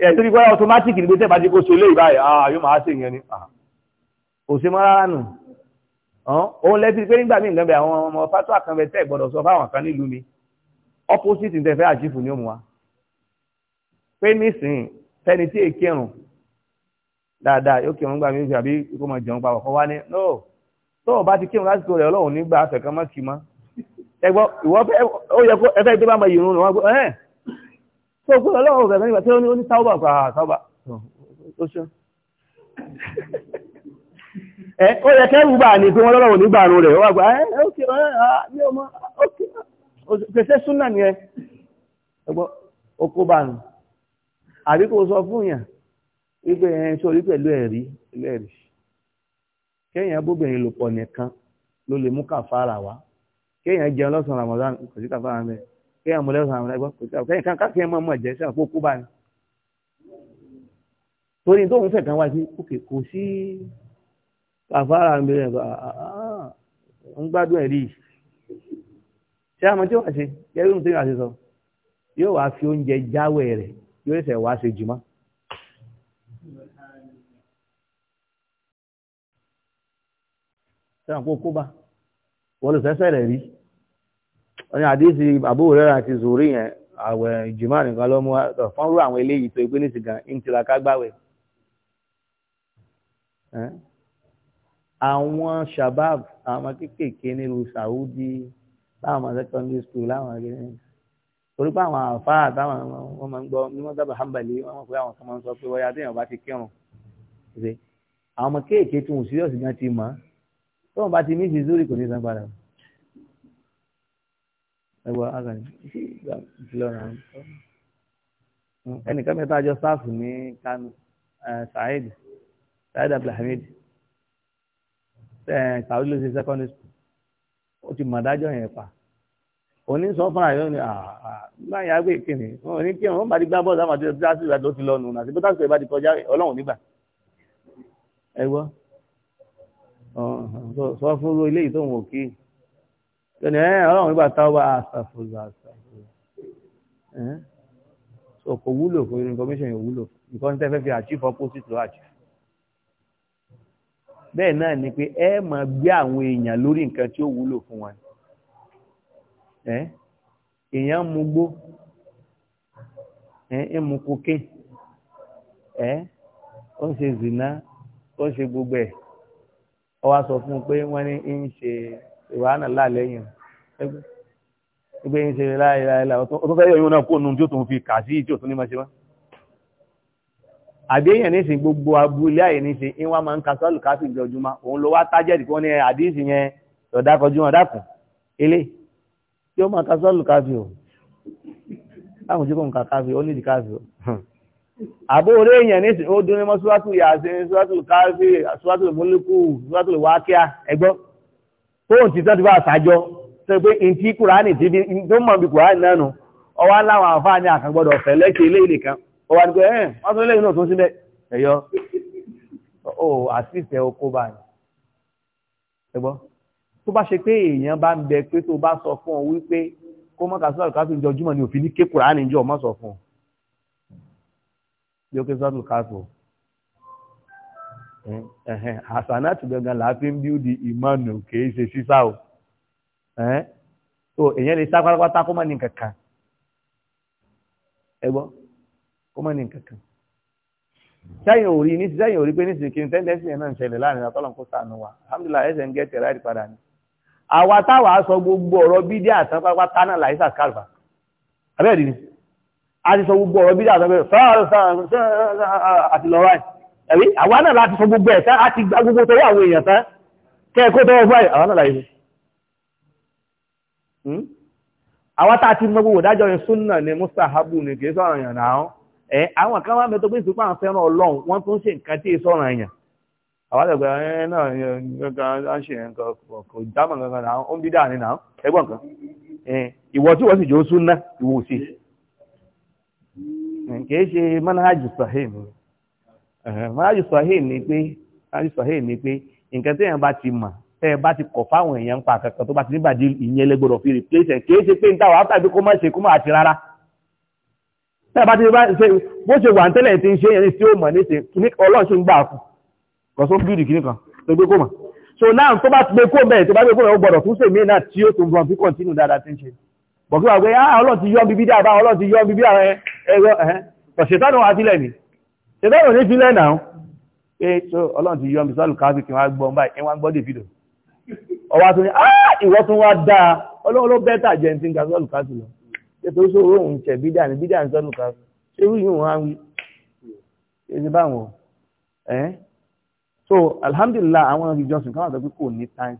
ẹ̀sìn ìgbà automatic ni pé tẹ́ bá ti kó so lé ìbáyìí ah yóò máa ṣe ìyẹn ni ah kò sí mọ́ rárá nù òun lẹ́sí pé nígbà míì nǹkan bẹ àwọn ọmọ fátó àkànbẹ tẹ́ gbọ́dọ̀ sọ fáwọn kan nílùú mi opposite ní tẹ́fẹ́ àjífù ní òmùwa pé nísìn tẹni tí èké rùn dáadáa yóò kírun gbà mí oṣù àbí kó mọ jẹun papọ̀ kọ́ wá ní no tó o bá ti kírun lásìkò rẹ̀ ọlọ́run nígbà àfẹ̀kan mọ́ kì í mọ́ ẹgbọ́ ìwọ fẹ́ ó yẹ kó ẹfẹ́ tó bá mọ ìrún wọn gbọ́ ẹ̀ tó gbọ́ ọlọ́run fẹ̀kan nígbà tí ó ní sáwọ́bà pàà ó yẹ kẹ́rù bà ní pé wọ́n lọ́rọ̀ ní gbàrún rẹ̀ wà gbà ẹ́ ókè ọ́ mi ò mọ̀ ókè pèsè súnà ni ẹ ẹgbọ́ oko bà nù àbí kò sọ fún yàn wípé ẹ sórí pẹ̀lú ẹ̀rí pẹ̀lú ẹ̀rí kéèyàn bóbìnrin lò pọ̀ nìkan ló lè mú kàfàrà wá kéèyàn jẹun lọ́sàn-án Ramadan kò sí kàfàrà mẹ́ kéèyàn mú lọ́sàn-án Ramadan kò sí kàfàrà kéèyàn ká kéèyàn mọ̀ mọ̀ jẹ́ sí àpò kú bá ní torí tóun fẹ̀ kan wá sí àfárá ń bẹ̀rẹ̀ ń ah, ah, ah, gbádùn ẹ̀rí a àmọ́ tí ó wà ṣe gẹ́gẹ́ bí a ti sọ yóò wá fi oúnjẹ jáwé rẹ̀ yóò ṣẹ̀ wá ṣe jùmọ́. ṣe àpò kóbá wọ́n lè fẹ́fẹ́ rẹ̀ rí ọ̀nà àdéhìí àbúrò rẹ̀ àti zòrí yẹn àwẹ̀ nìkan lọ́mú fọ́nrú àwọn àwọn shabab àwọn kéékèèké nílùú Saudi láwọn secondary school láwọn agbẹ́ni torí pé àwọn àfáà táwọn wọn máa ń gbọ́ ní wọ́n dábàá hambali wọ́n máa ń pè àwọn kan máa ń sọ pé wọ́n yá téèyàn bá ti kírun ṣe àwọn ọmọ kéékèèké tí wọn síríọ̀sì gan ti mọ̀ tó wọn bá ti mí ti zúrì kò ní san padà. ẹwọ agànnì mẹ́ta jọ sáàfù ní Kano eh, Saheed Saheed Abdulhamid tàbí eh, ló ṣe secondary school ó ti mọ̀ dájọ́ yẹn pa òní sọ fún àyọ ni báyìí àgbẹ̀ kìnnì òní kí wọn bá ti gbá bọ́ọ̀lù àwọn àti dáṣì ìgbà tó ti lọ nù àti bóta sọ ìbá ti kọjá ọlọ́run nígbà ẹ gbọ́ sọ fún ilé yìí tó ń wò kí ẹni ẹ ọlọ́run nígbà táwọn bá àṣàfòlù àṣàfòlù ẹ sọ kò wúlò kò ní information yẹn wúlò nǹkan tẹ́ fẹ́ fi achieve opposite to achieve. bẹ́ẹ̀ náà ni pé ẹ máa gbé àwọn èèyàn lórí nǹkan tí ó wúlò fún wọn ẹ èèyàn mu gbó ẹ ń zina gbogbo ẹ ọ wá sọ fún un pé wọ́n ní ń ṣe ń ṣe yọ náà kó nu tí ó tún fi kà sí tí ó tún àbí èèyàn nísìn gbogbo abúlé àyè nísìn ìwọ́n ma ń ka sọ́ọ̀lù káfí ìjọjúmọ́ òun ló wá tájẹ́dì kó ní àdíìsì yẹn lọ́dákọjú dákùn ilé tí ó máa ka káfí o láwọn ojú kò ń ka káfí ó nídìí káfí o àbó ó dún ní mọ́ súwátù súwátù káfí súwátù múlùkù súwátù wákíá ẹgbọ́ ọwà ní pé ẹ̀ wọ́n tún lẹ́yìn náà tún síbẹ̀ ẹ̀yọ́ ó àtìfẹ́ oko báyìí ẹ gbọ́ tó bá ṣe pé èèyàn bá ń bẹ pé tó bá sọ fún ọ wípé kó mọ́ kàṣọ́ àlùkàṣù ìjọ júmọ̀ ni òfin ní ké kùránì ìjọ mọ́ sọ fún ọ bí ó ké sọ́tù káṣù àṣànàtù gangan láti ń bíúdi ìmọ̀nù kìí ṣe sísá o so èèyàn lè sá pátápátá kó mọ́ ní kankan ẹ gbọ́ kó mọ́ ní nǹkan kan sẹ́yìn ò rí ní sẹ́yìn ò rí pé nísìnyí kí tẹ́ndẹ́sì yẹn náà ń ṣẹlẹ̀ láàrin àtọ́lọ́n kó sànù wa alhamdulilayi ẹsẹ̀ ń gẹ́ tẹ̀ láì padà ni àwa táwa sọ gbogbo ọ̀rọ̀ bídí àtàn pápá tánà láìsà kálùbà abẹ́ẹ̀ dì ní a ti sọ gbogbo ọ̀rọ̀ bídí àtàn bẹ́ẹ̀ àti lọ́wọ́ ẹ̀rí àwa náà láti sọ gbogbo ẹ̀sán àti gba gbogbo tọ́wọ́ àwọn èèyàn tán kẹ́ẹ̀kọ́ tọ́wọ́ fún àwọn náà láìsí hmm? ni mustahabu ni kì ẹ àwọn kan wá mẹ́tọ́ pé ìsúpá àwọn fẹ́ràn ọlọ́run wọ́n tún ṣe nǹkan tí èso ọ̀ràn èèyàn àwọn àgbẹ̀ náà ṣe nǹkan kò dámọ̀ gangan náà ó ń dídá ní náà ẹgbọ́n kan tí wọ́n sì jọ sún ìwò sí kìí ṣe ni pé ni pé nǹkan tí èèyàn bá ti mọ̀ tẹ́ ẹ bá ti kọ̀ fáwọn èèyàn pa kankan tó bá ti nígbàdí ìyẹn lẹ́gbọ̀dọ̀ tẹ́ẹ̀bá ti ṣe bó ṣe wà tẹ́lẹ̀ tí ń ṣe ẹni tí ó mọ̀ ní ṣe kìní ọlọ́run ṣe ń gbà fún kọ̀sọ́ bíìdì kìní kan tó gbé kó mọ̀ so now tó bá gbé kó mẹ́rin tó bá gbé kó mẹ́rin ó gbọ́dọ̀ fún sèmí náà tí ó tún bọ̀ bí kọ̀ntínú dáadáa ti ń ṣe bọ̀kí wà pé ah, ọlọ́run ti yọ bíbí dáadáa ọlọ́run ti yọ bíbí ṣètọ́nù wa sílẹ̀ ni ṣètọ́nù ní sílẹ̀ náà pé ọlọ́run ti yọ mi sọ́lù káàkì kí wọ́n gbọ́ báyìí wọ́n gbọ́ dèfìdò ọwọ́ tún ní ah ìwọ tún wá dáa ọlọ́run ló bẹ́tà jẹ́ ní ti ń ga sọ́lù káàkì lọ ètò sòrò òun tẹ̀ bídà ní bídà ń sọ́nù ká ṣerú yìí wọ́n á wí ṣe báwọn ẹ́ so alhamdulillah àwọn ìjọsìn káwọn àtọ́gbé kò ní time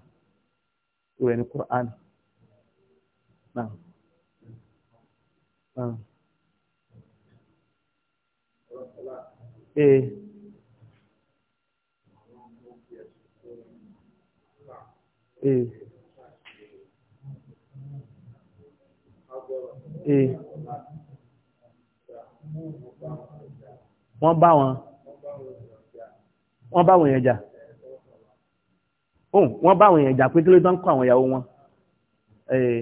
tó rẹ̀ ní Quran náà ee wọ́n bá wọn wọ́n bá wọn yẹn jà ohun wọ́n bá wọn yẹn jà pé kí ló tán kọ àwọn ìyàwó wọn ee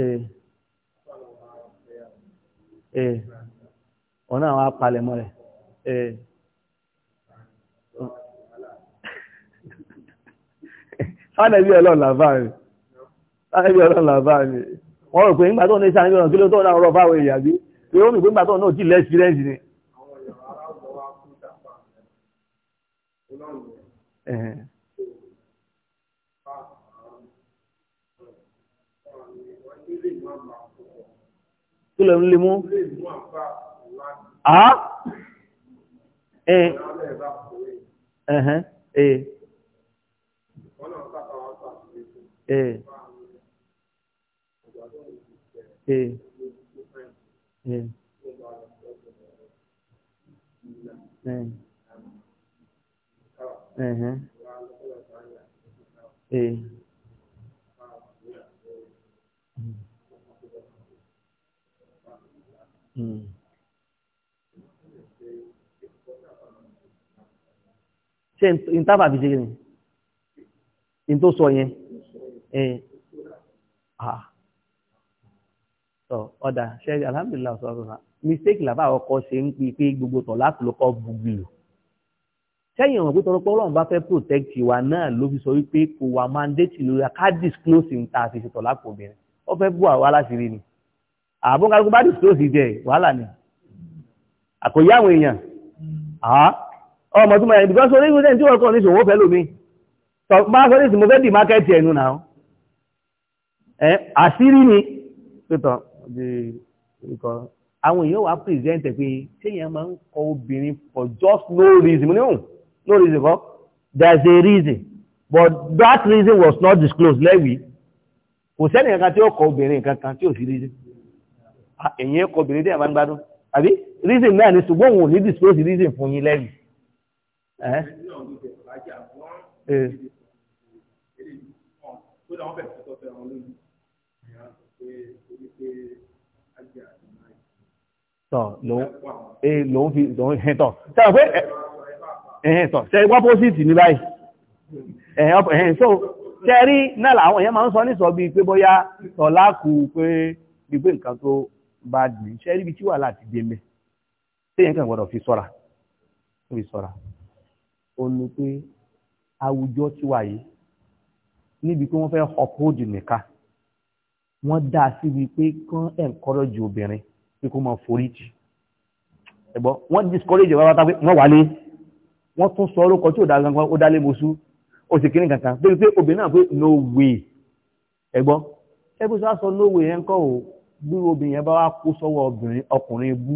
ee ee ọ̀nà àwọn apalẹ̀mọ́ rẹ̀ ee. Ánàbí ọlọ́run làbá rẹ̀ sáàbí ọlọ́run làbá mi wọ́n rò pé nígbà tó ní sáàbí ọlọ́run kí ló tó náà rọ fáwọn èèyàn bí pé ó mì pé nígbà tó náà ti lẹ́sìrẹ́ǹsì ni. kí Eh. Eh. Eh. Eh. Eh. Mm. ṣe n tábà fi ṣe ni n tó sọ yẹn ah sọ ọ̀dà ṣe alhamdulillah sọ ọ̀rọ̀ náà mistake làbá ọkọ̀ ṣe ń pi pé gbogbo tọ̀ láti lọ́kọ́ bùgbìlù sẹ́yìn ọ̀rọ̀ pípọ̀ ọ̀pọ̀ ọlọ́run bá fẹ́ protect wa náà ló fi sọ wípé kò wà mandate lórí ká disclose ní ta àfi ṣètọ̀ lápò obìnrin ó fẹ́ bú àwa aláṣìírí ni àbọ̀ kálukú bá disclose jẹ wàhálà ni àkòyí àwọn èèyàn ọmọ tó mọ ẹni because orí ìwé tí wọ́n kọ́ ní ìṣòwò fẹ́ lómi sọ bá sọ nísìnyí mo fẹ́ dì mákẹ́tì ẹnu náà àṣírí ni pẹ̀tọ̀ ikọ̀ àwọn èèyàn wà present pé ṣéyàn máa ń kọ obìnrin for just no reason mo hmm, no reason kọ́ there is a reason but that reason was not disclosed lẹ́wìí kò sẹ́ni kankan tí ó kọ obìnrin kankan tí ò sí reason èyí kọ obìnrin tí ẹ̀ máa ń gbádùn àbí reason náà ni ṣùgbọ́n òun ò ní disclose reason fún yín lẹ́wìí. Kódà tọ̀ lòun eh, fi lòun hẹ́ tọ̀ tẹ́wọ̀ pé eh, ẹ̀hẹ́ tọ̀ ṣe wá pósìtì ní báyìí ẹ̀hẹ́ so ṣe rí náà làwọn èèyàn máa ń sọ ní sọ bí pé bóyá tọ̀lá kù pé gbígbé nǹkan tó bá dì ṣe rí bí tí wà láti dé mẹ́ téèyàn kàn gbọ́dọ̀ fi sọ́ra fi sọ́ra ó ní pé àwùjọ ti wà yìí níbi pé wọ́n fẹ́ uphold nìka wọ́n dá síbi pé kán encourage obìnrin pé kó máa foríjì ẹ̀gbọ́n wọ́n discourage ẹ̀ pátá pé wọ́n wálé wọ́n tún sọ orúkọ tí ò dáa gangan ó dálé mosú ó sì kíní kankan pé pé obìnrin náà pé no way ẹ̀gbọ́n ẹgbẹ́ sọ sọ no way yẹn kọ́ ò bí obìnrin yẹn bá wá kó sọ́wọ́ obìnrin ọkùnrin bú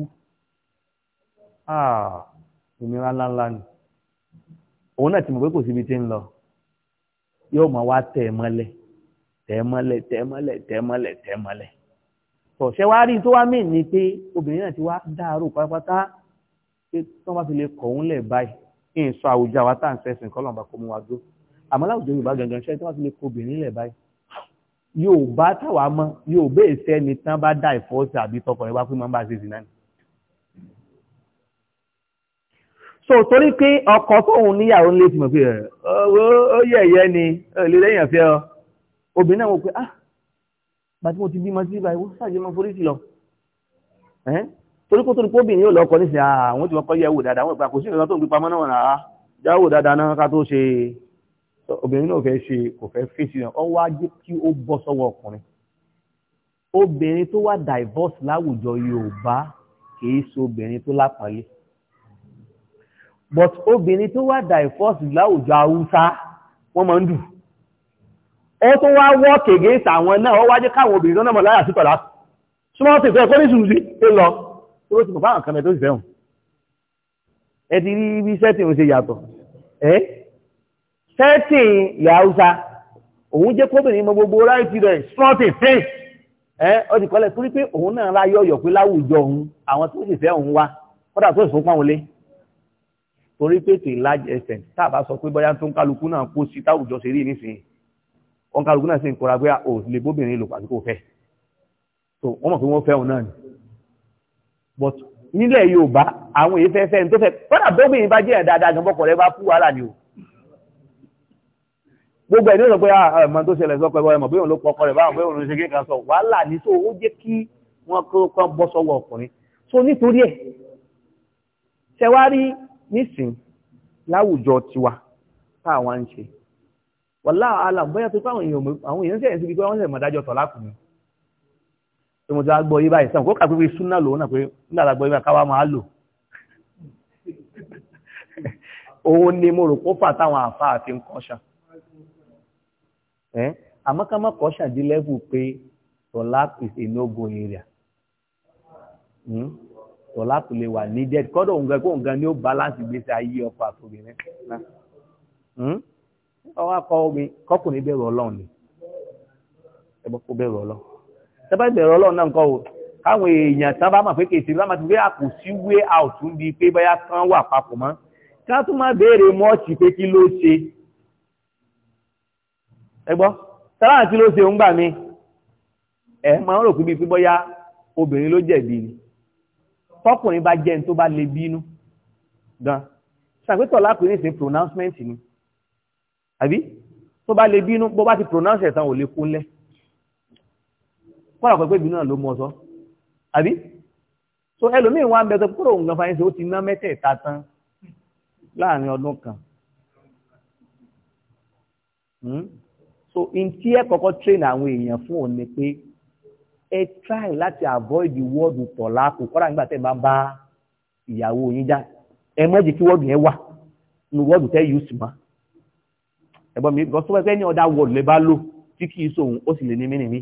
ah, ìnira ńláńlá ni òun náà ti mọ̀ pé kò síbi tí ń lọ yóò máa wá tẹ̀ mọ́lẹ̀ tẹ̀ mọ́lẹ̀ tẹ̀ mọ́lẹ̀ tẹ̀ mọ́lẹ̀ tẹ̀ mọ́lẹ̀ ṣe wá rí tó wá mí ní pé obìnrin náà ti wá dáàrú pátápátá pé wọ́n bá fi lè kọ̀ ń lẹ̀ báyìí kí n sọ àwùjọ àwa tá à ń sẹ́sìn kọ́ lọ́nà bá kó mú wa dó àmọ́ láwùjọ Yorùbá gangan ṣe tí wọ́n fi lè kọ obìnrin lẹ̀ báyìí yóò bá táwa mọ́ yóò bẹ́ ìfẹ́ ni tán bá dá ìfọ́sí àbí tọkọ̀ wá pé máa bá ṣe ìsìn náà so torí pé ọkọ tóun níyàwó ń lé ti mọ̀ pé ni ó lè lẹ́yìn ọ bàtí mo ti bímọ sí ibà ìwọ sáàjì máa forí sí lọ torí kó torí kóbìnrin yóò lọ́kọ nísìnyí àwọn tí wọ́n kọ́ yẹ̀wò dáadáa wọ́n ìpa kò sí ìrìnà tó ń gbé pamọ́ náà náà jáwò dáadáa náà ká tó ṣe obìnrin náà fẹ́ ṣe kò fẹ́ fèsì náà ọ wá jẹ́ kí ó bọ́ sọ́wọ́ ọkùnrin obìnrin tó wà divorce láwùjọ Yorùbá kìí ṣe obìnrin tó lápàlẹ́ but obìnrin tó wà divorce láwùjọ Haúsá wọ́n máa ń dùn ó tún wá wọ́ kègé ìtàwọn náà ó wájé káwọn obìnrin náà mọ̀ láyà sí tọ̀lá súnmọ́ sí fẹ́ kó ní ṣùgbọ́n sí pé lọ tó ti bàbá àwọn kàmẹ́ tó sì fẹ́hùn ẹ ti rí ibi sẹ́tìn ò ṣe yàtọ̀ ẹ́ sẹ́tìn ìyá haúsá òun jẹ́ kóbìnrin mọ gbogbo ráìtì rẹ̀ sọ́ọ̀tì fẹ́ ẹ́ ó ti kọ́lẹ̀ torí pé òun náà láyọ̀ ọ̀yọ̀ large extent tá a bá sọ pé bóyá tó ń kálukú náà kó sí táwùjọ ṣe rí nísìnyí wọn kálukú náà sì ń kóra pé ò ah, lè bóbìnrin lò pàtó fẹ́ so wọ́n mọ̀ pé wọ́n fẹ́ òun ni but nílẹ̀ Yorùbá àwọn èyí fẹ́ fẹ́ ní tó fẹ́ kọ́dà bóbìnrin bá jẹ́ dáadáa gan bọ́kọ̀ rẹ bá fún wàhálà ni o gbogbo ẹ̀ ní sọ pé ọmọ ah, tó ṣẹlẹ̀ sọ pé ọmọ bí òun ló pọkọ rẹ̀ báwọn bí òun so ó jẹ́ kí wọ́n kọ́ bọ́ sọ́wọ́ ọkùnrin so ṣe wallahu alam bóyá tó fáwọn èèyàn àwọn èèyàn sẹ́yìn síbi pé wọ́n sẹ̀ mọ̀dájọ́ tọ̀ lákùnú tó mo ti gbọ́ yí báyìí sàn kó kà pé súnà lòun náà pé nígbà tá gbọ́ yí báyìí káwá máa lò òun ni mo rò kó fà àfa àfi ń kọ́ṣà àmọ́ ká má pé tọ́lá is a no-go area hmm? tọ́lá lè wà needed kọ́dọ̀ òun gan ni ó balance gbèsè ayé ọkọ àtòbìnrin hmm? ọwọ́ akọ omi kọkùnrin bẹ̀rù ọlọ́run ni ẹgbẹ́ kó bẹ̀rù ọlọ́run tẹ́bá bẹ̀rù ọlọ́run náà nǹkan o káwọn èèyàn tán bá mọ̀ pé kèsì bá máa ti gbé àpò sí way out ń bi pé báyà kan wà papọ̀ mọ́ ká tún máa béèrè mọ́ọ̀tì pé kí ló ṣe ẹgbọ́ tẹ́lá àti ló ṣe ń gbà mí ẹ máa ń rò pé bíi pé bọ́yá obìnrin ló jẹ̀bi ni tọkùnrin bá jẹ́ ní tó bá le bínú gan ṣàpétọ̀ lápẹ́ ní ìsìn pronouncement ni àbí tó bá lè bínú bó bá ti pronounce ẹ̀tàn ò lè kúnlẹ̀ kọ́lá pẹ̀pẹ́ ìbínú náà ló mú sọ àbí so ẹlòmíín wá ń bẹ sọ kúrò nǹkan fàyín ṣe ó ti ná mẹ́tẹ̀ẹ̀ta tán láàrin ọdún kan hmm? so in tí ẹ kọ́kọ́ train àwọn èèyàn fún òun ni pé ẹ try láti avoid the word tọ̀lá kò kọ́lá nígbà tẹ́ ẹ máa ń bá ìyàwó yín já ẹ mọ́jì kí wọ́ọ̀dù yẹn wà ní wọ́ọ̀dù tẹ́ use mọ́ ẹ̀gbọ́n mi because tó wẹ́pẹ́ ní ọ̀dà wọ̀lù lè bá lò tí kì í sòun ó sì lè ní mínì mi.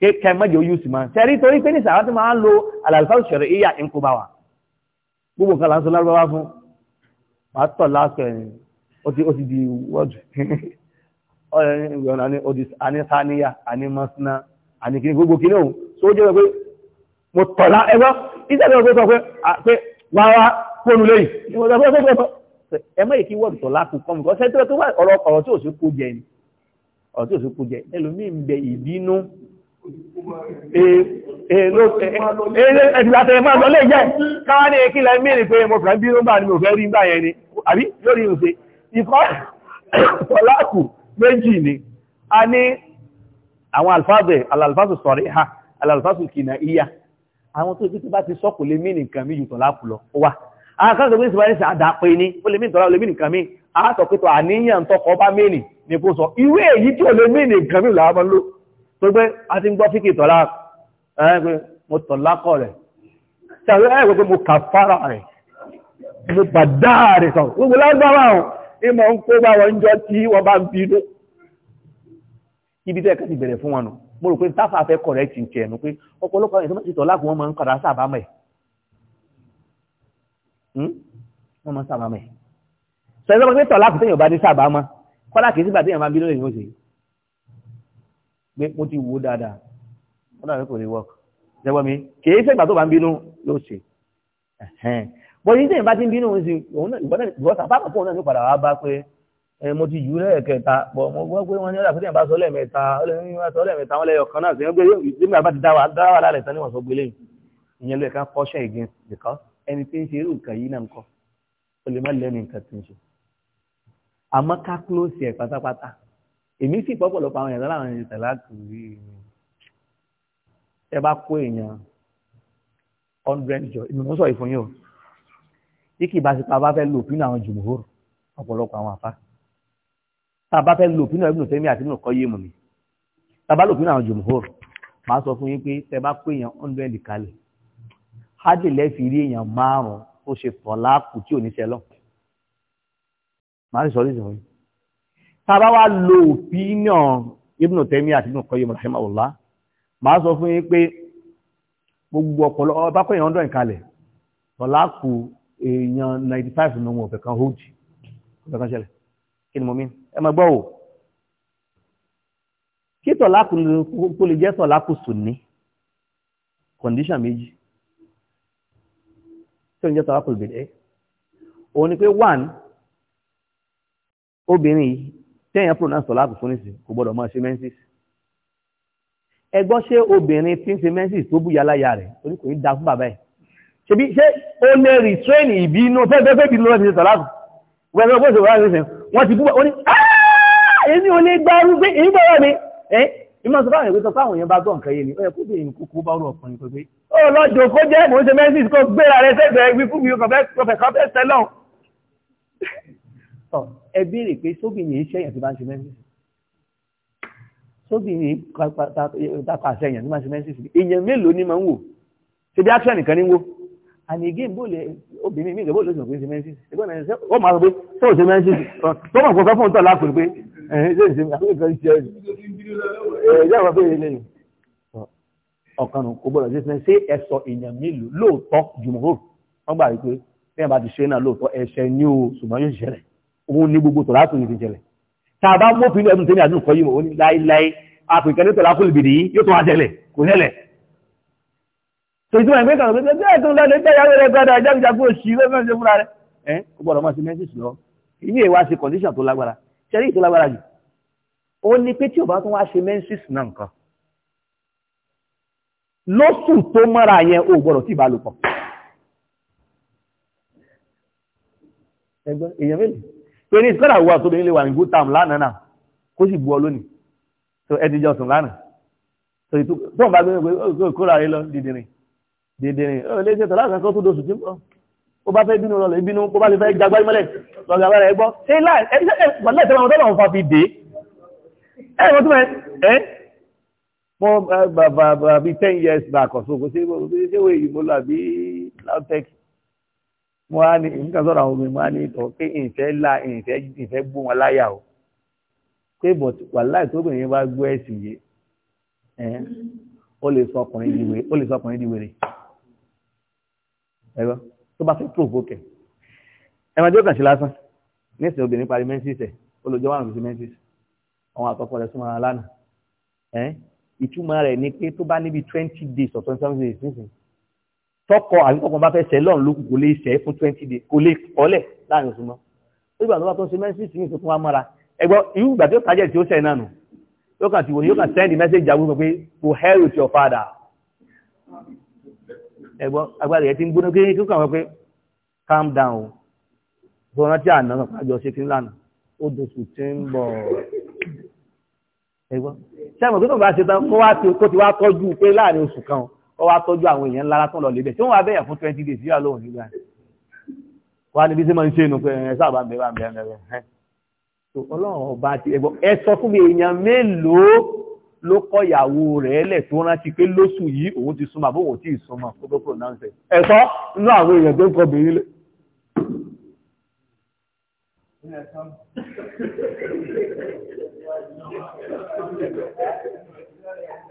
kẹ mọ́jọ yóò sì máa ṣẹ́rí torí pé ní sàrà tó máa ń lo àlàlùfáà ìyá ń gbogbo nǹkan là lárúbáwá fún màá tọ̀ láàṣọ ẹ̀yìn di wọ́ọ̀dù àní sáníyà àní mọ́sánná àní kìíní gbogbo kìíní òun tó jẹ́ pé mo tọ̀ lá ẹgbọ́n ìṣẹ́lẹ̀ ọgbẹ́ sọ pé wá wá ẹ mọ̀ èkí wọ́ọ̀dù tọ̀ lákùn kọ́ mi kọ́ sẹ́ńtẹ́ tó wà ọ̀rọ̀ tí ò sí kó jẹ ni ọ̀rọ̀ tí ò sí kó jẹ ẹlòmíì ń bẹ ìbínú ẹ̀dùgbàtẹ̀ máa lọ lè jẹ́ káwà ní ìkílẹ̀ mìírí pé mo fẹ́ bí ó bá ní mo fẹ́ rí bá yẹn ni àbí lórí ìrùsẹ̀ ìfọ́ tọ́láàkù méjì ni a ní àwọn alfáàzẹ̀ alalfáàzù sọ̀rí ha alalfáàzù kìnà iya àwọn tó títí bá ti sọ́kù lé mìírí nǹkan mí jù tọ́láàkù lọ wà akẹ́kọ̀ọ́ bí ìsìnbáyé sí àdápé ní ó lè mí ìtọ́lá olè mí nìkan mí àátọ̀kítọ̀ àníyàn tọ́kọ bá mẹ́rin ní kó sọ ìwé èyí tí ó lè mí nìkan mí làwọn ló tó gbé a ti ń gbọ́ fíkì tọ́lá ẹgbẹ́ mo tọ̀lá kọ̀ rẹ̀ ṣàwẹ́ ẹgbẹ́ pé mo kà fara rẹ̀ mo bà dáa rẹ̀ sọ gbogbo lágbára ọ̀hún ìmọ̀ ń kó bá wọn Hmm? wọ́n máa sábà mẹ́ sọ ẹgbẹ́ pé tọ̀lá kùtẹ́yìn ọba ní sábà mọ́ kọ́lá kìí sígbà téèyàn máa bínú lè ní oṣù pé mo ti wo dáadáa wọ́n dàbí kò lè wọ́k ṣẹ́gbọ́ mi kìí sígbà tó bá ń bínú ló ṣe bọ́n yìí téèyàn bá ti ń bínú oṣù ìwọ́n sábà kọ̀ náà ní padà wá bá pé mo ti yù lẹ́ẹ̀kẹta bọ̀ mo gbọ́ pé wọ́n ní ọ̀dà fúnjẹ́ bá sọ lẹ́ẹ̀mẹta ọlẹ́ẹ̀mẹta wọn lẹ́yọ̀ kan náà sí ẹgbẹ́ yóò gbé nígbà bá ti dá wa lálẹ́ tán wọ́n sọ gbélé ìyẹn ló ẹ̀ka caution against because ẹni tí ń ṣe irú nǹkan yìí náà ń kọ́ o lè má lẹ́nu nǹkan tí ń ṣe àmọ́ ká close ẹ̀ pátápátá èmi sì pọ́pọ̀lọpọ̀ àwọn èèyàn láwọn èèyàn tẹ̀lá kiri ẹ bá kó èèyàn hundred jọ ìmọ̀ sọ ìfún yìí o tí kì bá ti pa bá fẹ́ lò pínú àwọn jùmùhór ọ̀pọ̀lọpọ̀ àwọn àfa tá a bá fẹ́ lò pínú ẹ̀bùn tẹ́mi àti nínú kọ́yé mọ̀ mi tá a bá lò pínú àwọn jùmùhór màá sọ fún yín pé tẹ bá kó èèyàn hundred kalẹ̀ hádì lẹ́fì rí èèyàn márùn-ún tó ṣe tọ̀lá kù tí ò ní ṣẹlọ. màá sì sọ ọ́ nísìnyí. tábà wá lo opinion Ibn Taymiyyah àti Ibn Qayyim rahimahullah màá sọ fún yín pé gbogbo ọpọlọ ọba kọ́ èèyàn dọ̀yìn kalẹ̀ tọ̀lá kù èèyàn ninety five ní wọn ọ̀fẹ́ kan hold ọ̀fẹ́ kan ṣẹlẹ̀ kí ni mo mí ẹ máa gbọ́ o kí tọ̀lá kù tó lè jẹ́ tọ̀lá kù sùn ní condition méjì tó ń jẹ́ tawakul bìdẹ́ òun ni pé one obìnrin yìí tẹ́yìn pronounce tọ́lá kò fún ní sí kò gbọ́dọ̀ máa ṣe menses ẹgbọ́n ṣé obìnrin tí ń ṣe menses tó búya láyà rẹ̀ orí kò ní da fún bàbá ẹ̀ ṣebí ṣé ó lè retrain ìbínú fẹ́fẹ́fẹ́ ìbínú lọ́wọ́ ti ṣe tọ́lá kù wọ́n ẹgbẹ́ bó ṣe wọ́n ti bú wọn ni ẹni ò lè gbárù pé èyí gbọ́dọ̀ mi ìmọ̀ sọ fáwọn ìwétọ́ fáwọn èèyàn bá gbọ́ nǹkan yìí ni ó yẹ kó bèèrè kúkú bá rú ọkùnrin pé pé ó lọ́jọ́ kó jẹ́ mò ń ṣe mẹ́sìs kó gbéra rẹ sẹ́gbẹ̀ẹ́ wí fún mi kọfẹ́ kọfẹ́ sẹ́lọ̀ ẹ béèrè pé sóbìnrin yìí ṣẹ́yìn tí bá ń ṣe mẹ́sìs sóbìnrin yìí tàpá ṣẹ́yìn tí bá ń ṣe mẹ́sìs èèyàn mélòó ni máa ń wò ṣe bí action nìkan ní wò àní igé bóòlù obìnrin mi ìgbà bóòlù lóṣù ṣe mẹ́sìs ó máa sọ pé sọ́ọ̀ ṣe mẹ́sìs tó mọ̀ kó fẹ́ fún un tọ̀ lápò pé ẹ̀hìn ṣe ìṣe àkókò ìṣe Eh, ẹ̀ẹ́dẹ́ àwọn abẹ́rẹ́ lẹ́yìn ọ̀kanù kò gbọ́dọ̀ jẹ́ sinẹ́ ṣé ẹ̀sọ̀ èèyàn mélòó lóòótọ́ jùmọ̀hóró wọ́n gbà wípé bí wọ́n bá ti ṣe náà lóòótọ́ ẹ̀ṣẹ̀ ní o ṣùgbọ́n yóò ṣẹlẹ̀ òun ní gbogbo tòlá tó yìí ti ṣẹlẹ̀ tá a bá mọ́fin ẹ̀dùn tẹ́lẹ̀ àdúgbò yìí mọ̀ ó ní láéláé àpèkẹ́ ní tòlá kúlù bìdì yìí yóò tó wá ṣẹlẹ̀ kò ṣẹlẹ̀. tó ìtumọ̀ ìgbé kan pé bẹ́ẹ̀ tó ń lọ lẹ́gbẹ́ yàrá rẹ̀ gbọ́dọ̀ ajá ìjà kó ṣì lọ́wọ́ ṣe fúnra rẹ̀ ẹ̀ ó gbọ́dọ̀ máa ṣe mẹ́sìs lọ ìyẹn ìwà ṣe kọ̀ndíṣàn tó lágbára ṣẹ́rí ìtò lágbára ó ní pé tí ò bá tún wá ṣe mensis náà nǹkan lóṣù tó mọ́ra yẹn ò gbọ́dọ̀ tí ìbálòpọ̀ ẹgbẹ́ èèyàn mélòó torí ìsọ́dà wà tó lè wà ní good time lánàá náà kó sì bu ọ lónìí so ẹ ti lánàá so ìtú tó ń bá gbé pé kóra rẹ lọ dìdìrín dìdìrín ó lè ṣe tọ́lá kan kó tó dóṣù tí ó bá fẹ́ bínú lọ lè bínú bó bá lè fẹ́ jagbárí mọ́lẹ̀ lọ́gàbára ẹgbọ́ ṣé láì ẹ̀ ẹ wọ́n tún bẹ ẹ mọ bàbà bí ten years back ọ̀sùn kò sí ṣéwé ìyìnbó làbí lautech mo á ní nǹkan sọ̀rọ̀ àwọn obìnrin mo á ní ìtọ̀ pé ìfẹ́ la ìfẹ́ ìfẹ́ gbó wọn láyà o pé but wàláì tóbìnrin yẹn bá gbọ́ ẹ̀sìn yìí ẹ ó lè sọ ọkùnrin di wèrè ó lè sọ ọkùnrin di wèrè ẹgbọ́ tó bá fẹ́ provoke ẹ̀ ẹ̀ máa jẹ́ òkàṣe lásán ní ìsìn obìnrin parí menses ẹ̀ ó lọ jọ wà lọ́sí menses àwọn àtọkọ rẹ̀ súnmọ́ra lánàá ẹ́ ìtumọ̀ rẹ̀ ni pé tó bá níbi twenty days or twenty seven days nísìnyí tọkọ àbí tọkọ bá fẹ́ sẹ́ lọ́run lókun kò lè sẹ́ fún twenty days kò lè kọ́lẹ̀ láàrin oṣù mọ́ ó gbà tó bá tó ń ṣe mẹ́sìn sí ìṣòkun wa mọ́ra ẹgbọ́ irú ìgbà tó tajẹ̀ tí ó sẹ́ náà nù yóò kàn ti wò yóò kàn send the message àgbo pé to hell with your father ẹgbọ́ agbára yẹn ti ń gbóná pé kí ó kàn wọ́n pé calm down o tó rántí àná náà ṣe kí ńlá nù ó dosù tí ń bọ̀ ọ́ ẹgbọ́n sẹ́wọ̀n tó tó bá ṣe tán kó ti wá tọ́jú pé láàrin oṣù kan ó wá tọ́jú àwọn èèyàn ńlá látún lọ lébẹ̀ tí wọ́n wá bẹ̀yẹ̀ fún twenty days yíyá lóhùn nígbà wá níbi tí máa ń ṣe inú pé ẹ sábà ń bẹ bá ń bẹ bẹ ẹ tó ọlọ́run ọba ti ẹgbọ́n ẹ sọ fún mi èèyàn mélòó ló kọ ìyàwó rẹ̀ lẹ̀ tó rántí pé lóṣù yìí òun ti súnmọ́ àbóhùn ò tí ì súnmọ́ kó tó pronounce ẹ̀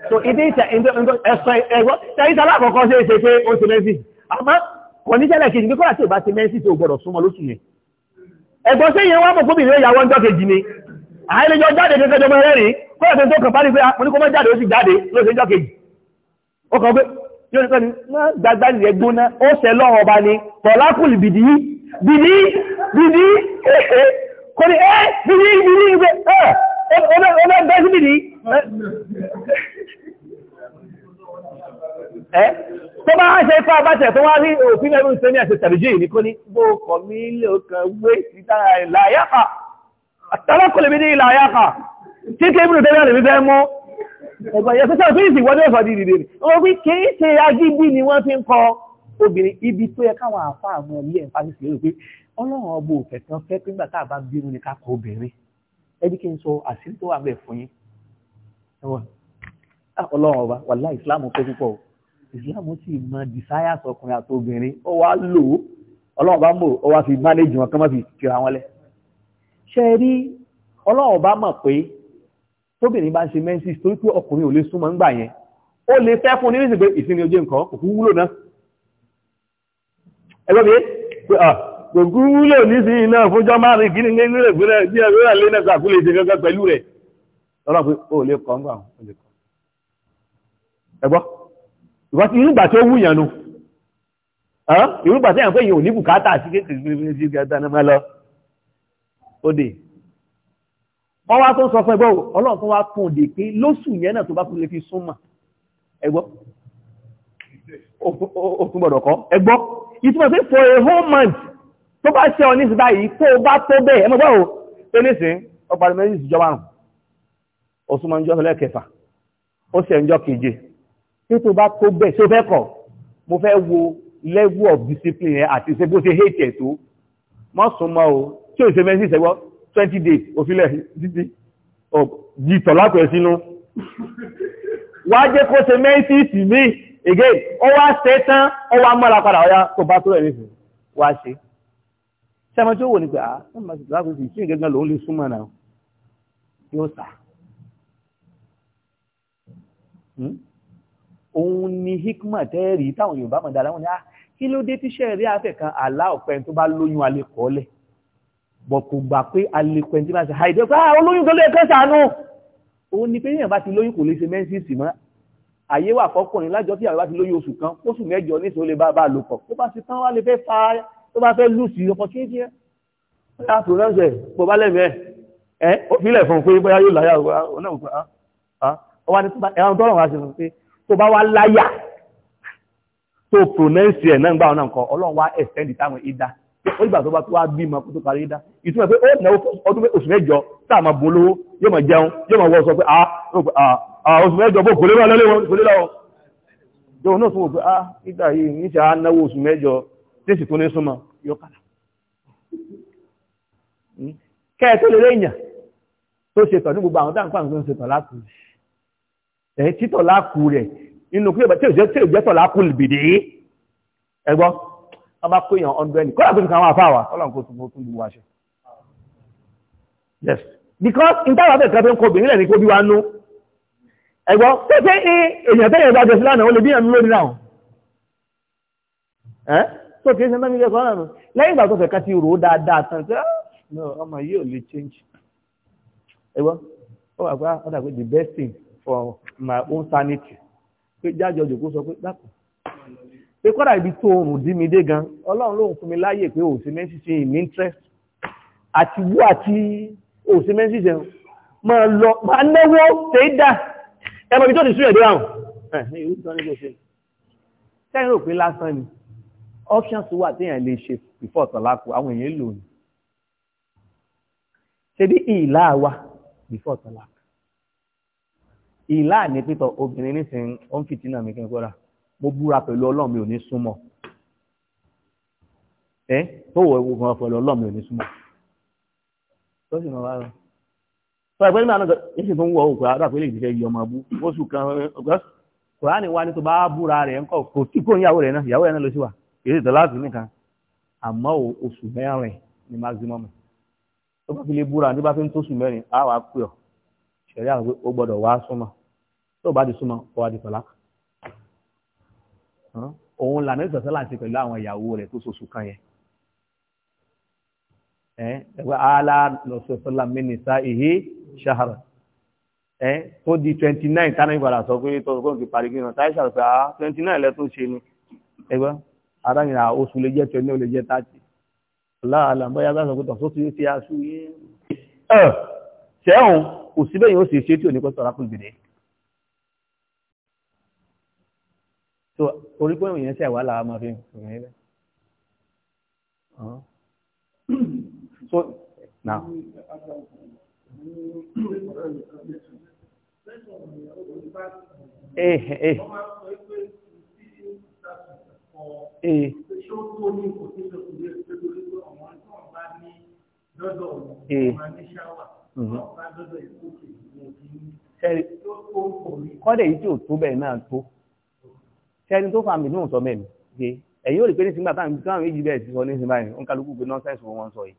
so ìdí ìtẹ̀ ẹ̀sọ̀ ẹ̀gbọ́ tẹ́yí tẹ́lá àkọ́kọ́ sí èsè pé ó ti mẹ́sì àmọ́ kò ní tẹ́lẹ̀ kejì kíkọ́lá tí ò bá ti mẹ́sì tí ò gbọ́dọ̀ súnmọ́ lóṣù yẹn ẹ̀gbọ́ sí ìyẹn wọ́n mọ̀ kó bìnrin ìyàwó ọjọ́ kejì ni àìlejò jáde kẹkẹ jọmọ rẹ́rìn kọ́lá tó kàn parí pé ah, mo ní kó mọ́ jáde ó sì rẹ̀ gbóná bìdí bìdí kò ní ẹ́ bìdí bìdí ìgbé ẹ́ ọmọ ẹgbẹ́ sí bìdí ẹ́ tó bá ṣe ipá bàtẹ̀ tó wá rí òfin ẹgbẹ́ ìsẹ́ni àti tàbíjì ní kò ní gbó kọ̀ mí ilé ọkàn wé sí tára ìlàyàkà àtàlákùnlé mi ní ìlàyàkà tí kí ebúrú tẹ́lẹ̀ rẹ̀ fífẹ́ mọ́ ẹgbẹ́ ìyẹn tó sọ̀rọ̀ fíìsì wọ́n ní ọ̀fà dìdì rẹ̀ wọ́n wí kìí ṣe agídí ni wọ́n fi ń kọ́ obìnrin ibi tó yẹ káwọn àfa àwọn ilé ẹ̀ ń fásitì lérò pé ọlọ́run ọgbọ òfẹ́ tán fẹ́ pé nígbà tá a bá bínú ni ká kọ obìnrin ẹ jẹ́ kí n sọ àṣírí tó wà bẹ́ẹ̀ fún yín ah, ọlọ́run ọba wàlá ìsìláàmù pé púpọ̀ o ìsìláàmù sì mọ desires ọkùnrin àti obìnrin ó wá lò ó ọlọ́run ọba mọ̀ ó wá fi manage wọn kán má fi tira wọn lẹ ṣe rí ọlọ́run ọba mọ̀ pé tóbìnrin bá ń ṣe menses torí pé ọkùnrin ò lè súnmọ́ ń yẹn ó lè fẹ́ fún un ní nísìsiyìí pé ìsinmi ojú nǹkan òkú wúlò náà ẹgbẹ́bí kò ah, gúúlò nísìn iná fúnjọ́ márùn ìkíní nílẹ̀ ìgbẹ́rẹ̀ bí ẹgbẹ́rẹ̀ lé nẹ́sà kú lè ṣe gẹ́gẹ́ pẹ̀lú rẹ̀ lọ́nà pé ó lè kọ́ ńgbà ó lè kọ́ ẹgbọ́ ìgbà tí irúgbà tí ó wù yànnu irúgbà tí yàn pé yìí ò ní bùkátà sí kékeré òde wọ́n wá tó sọ fún ẹgbọ́ ọlọ́run tó wá tún òde pé lóṣù yẹn náà tó bá tún lè fi súnmà ẹgbọ́ òkun gbọ́dọ̀ kọ́ ẹgbọ́ ìtumọ̀ pé for a whole month tó bá ṣe ọ nísìnyí báyìí tó bá tó bẹ́ẹ̀ ẹ mọ̀ báwo pé nísìn ọparí méjì ìjọba àrùn oṣù máa ń jọ́ lẹ́ẹ̀kẹfà ó sì ń jọ tí tó bá tó bẹ́ẹ̀ tó fẹ́ kọ̀ mo fẹ́ wo level of discipline yẹn àti ṣe bó ṣe hate ẹ̀ tó mọ́ sùn mọ́ o tí ò ṣe mẹ́sì ṣẹ́gbọ́ twenty days òfilẹ̀ títí di tọ̀lápẹ̀ sínú wáá jẹ́ kó ṣe mẹ́sì sí mi again ó wá ṣe tán ó wá mọ́ra padà ọ̀yá tó bá tó rẹ̀ wá ṣe sẹ́mi tí ó wò ní pé ah ẹ̀ máa ṣe tó láti ṣe ìgbẹ́gbẹ́ lòún lè súnmọ́ náà yóò sà hmm? òun ni hikma tẹ́ẹ̀rí táwọn Yorùbá mọ̀ dára wọn ni ah kí ló dé tíṣẹ́ rí afẹ́kan àlá ọ̀pẹ́ tó bá lóyún alẹ́kọ̀ọ́lẹ̀ bọ̀ kò gbà pé alẹ́kọ̀ẹ́ tí máa ṣe àìdẹ́ ah olóyún tó lè kẹ́ sànú òun ni pé yẹn bá àyè wà fọ́kùnrin lájọ́ tí àwẹ́bá ti lóyún oṣù kan oṣù mẹ́jọ ní ìṣòlè bá bá lò pọ̀ tó bá ti tán wá lè fẹ́ fa tó bá fẹ́ lù sí opportunity ẹ̀ bóyá prọfẹ́sẹ̀ pọ̀ bá lẹ́mẹ̀ẹ́ ẹ̀ ó fílẹ̀ fún pé bóyá yóò láyà ah, ah. ẹ̀rọ tọ́rọ̀ wá sí fún pé tó bá wá láyà tó pronounce ẹ̀ náà gbà ọ̀nà nǹkan ọlọ́run wá extend táwọn ìdá ó ìgbà tó bá tó wá bímọ kó tó parí ìdá ìtumọ̀ pé ó náà ọdún oṣù mẹ́jọ táà máa bolówó yóò máa jẹun yóò máa wọ́ sọ pé ah Ah, oṣù mẹ́jọ bó kò lébà lọ́lé wọn kò lébà wọn yóò náà tún wò pé á ah, ìgbà yìí ní ṣe á náwó oṣù mẹ́jọ tí sì tún ní súnmọ́ yóò kàlà hmm? kẹ́ẹ̀tọ́ lè lẹ́yìn tó ṣe tọ̀ ní gbogbo àwọn táǹkà tó ń ṣe tọ̀ lákù ẹ̀ títọ̀ lákù rẹ̀ inú kí ẹ̀bẹ̀ tí ò jẹ́ tọ̀ lákù bìdì ẹgbọ́ wọ́n bá kó èèyàn ọ̀ndọ́ ẹni kọ́lá tó ti kàwọn àfáwà ọlọ́run kó tún tún gbogbo àṣẹ yes because in that kan tó ń kọ obìnrin rẹ̀ ní kó bí ẹgbọ́ tó pé èèyàn tẹ́yẹ̀ bá jẹ sílánà ó lè bíyàn lórí náà ẹ́ tó kìí ṣe mẹ́mí lẹ́kọ̀ọ́ náà lẹ́yìn ìgbà tó fẹ̀ ká ti rò ó dáadáa tán pé ọmọ yìí ò lè change ẹgbọ́ ó wà pé ah, ó dàgbé the best thing for my own sanity pé jáde ọjọ́ kó sọ pé dákun pé kọ́dà ibi tó oòrùn dí mi dé gan ọlọ́run lóhùn fún mi láàyè pé òsì mẹ́sìsì in interest àti wú àti òsì mẹ́sìsì máa lọ máa náwó ṣe é dáa ẹmọ ibi tó ti sú ẹ̀dẹ́ àwọn ẹ̀yìn rò pé lásán ni options wà téèyàn lè ṣe before tọ́lákù àwọn èèyàn lò ní ṣe bí ìlà wà before tọ́lákù ìlà ní pítọ̀ obìnrin nísìnyí ó ń fìtínà mi kí n kọ́ra mo búra pẹ̀lú ọlọ́run mi ò ní súnmọ́ ẹ tó wọ ewu gan pẹ̀lú ọlọ́run mi ò ní súnmọ́ tó sì máa wá rọ sọ ìpẹ́ nígbà náà ìṣẹ́ tó ń wọ òkú àdàpẹ́ lè jíṣẹ́ yọmọ bú oṣù kan ọgbẹ́ kòránì wa ní tó bá búra rẹ̀ ńkọ̀ kò tí kò níyàwó rẹ̀ náà ìyàwó rẹ̀ náà ló sì wà èyí tó láti nìkan àmọ́ oṣù mẹ́rin ni maximum tó bá fi lè búra ní bá fi ń tó oṣù mẹ́rin á wàá pè ọ́ ṣẹ̀rí àwọn pé ó gbọ́dọ̀ wá súnmọ́ tó bá di súnmọ́ ó wá di tọ́lá òun lànà ìtọ̀sẹ́ láti pẹ̀lú àwọn ìyàwó rẹ̀ tó ṣoṣù kan yẹn ẹgbẹ́ ààlà lọ́sọ̀ọ́sọ́lá ṣahara ẹ tó di twenty nine tánà ìgbàlá sọ pé tó kó n ti parí gbìyànjú táyé ṣàlùfẹ ah, àá twenty nine lẹtún ṣe ni ẹgbẹ aráyìn àá ah, oṣù lè jẹ twenty nine lè jẹ thirty láàlà bóyá bá sọ pé tọ̀ sóṣù yìí ti aṣú yìí ẹ ṣẹ́hùn kò síbẹ̀ yìí ó sì ṣe tí ò ní pẹ́ sọ̀rọ̀ àpò ìgbèdè so orí pé òyìn ṣe àwàlà máa fi rìn rẹ so now. Eh, eh, eh. Mm-hmm. kọ́dẹ̀ yìí tí ò tó bẹ́ẹ̀ náà tó ṣẹ́ni tó fàmì ní òǹsọ mẹ́rin ò rí pé ní síngbà táwọn méjì bẹ́ẹ̀ ti sọ ní síngbà yìí ó pé nọ́ńsẹ̀sì wọn sọ yìí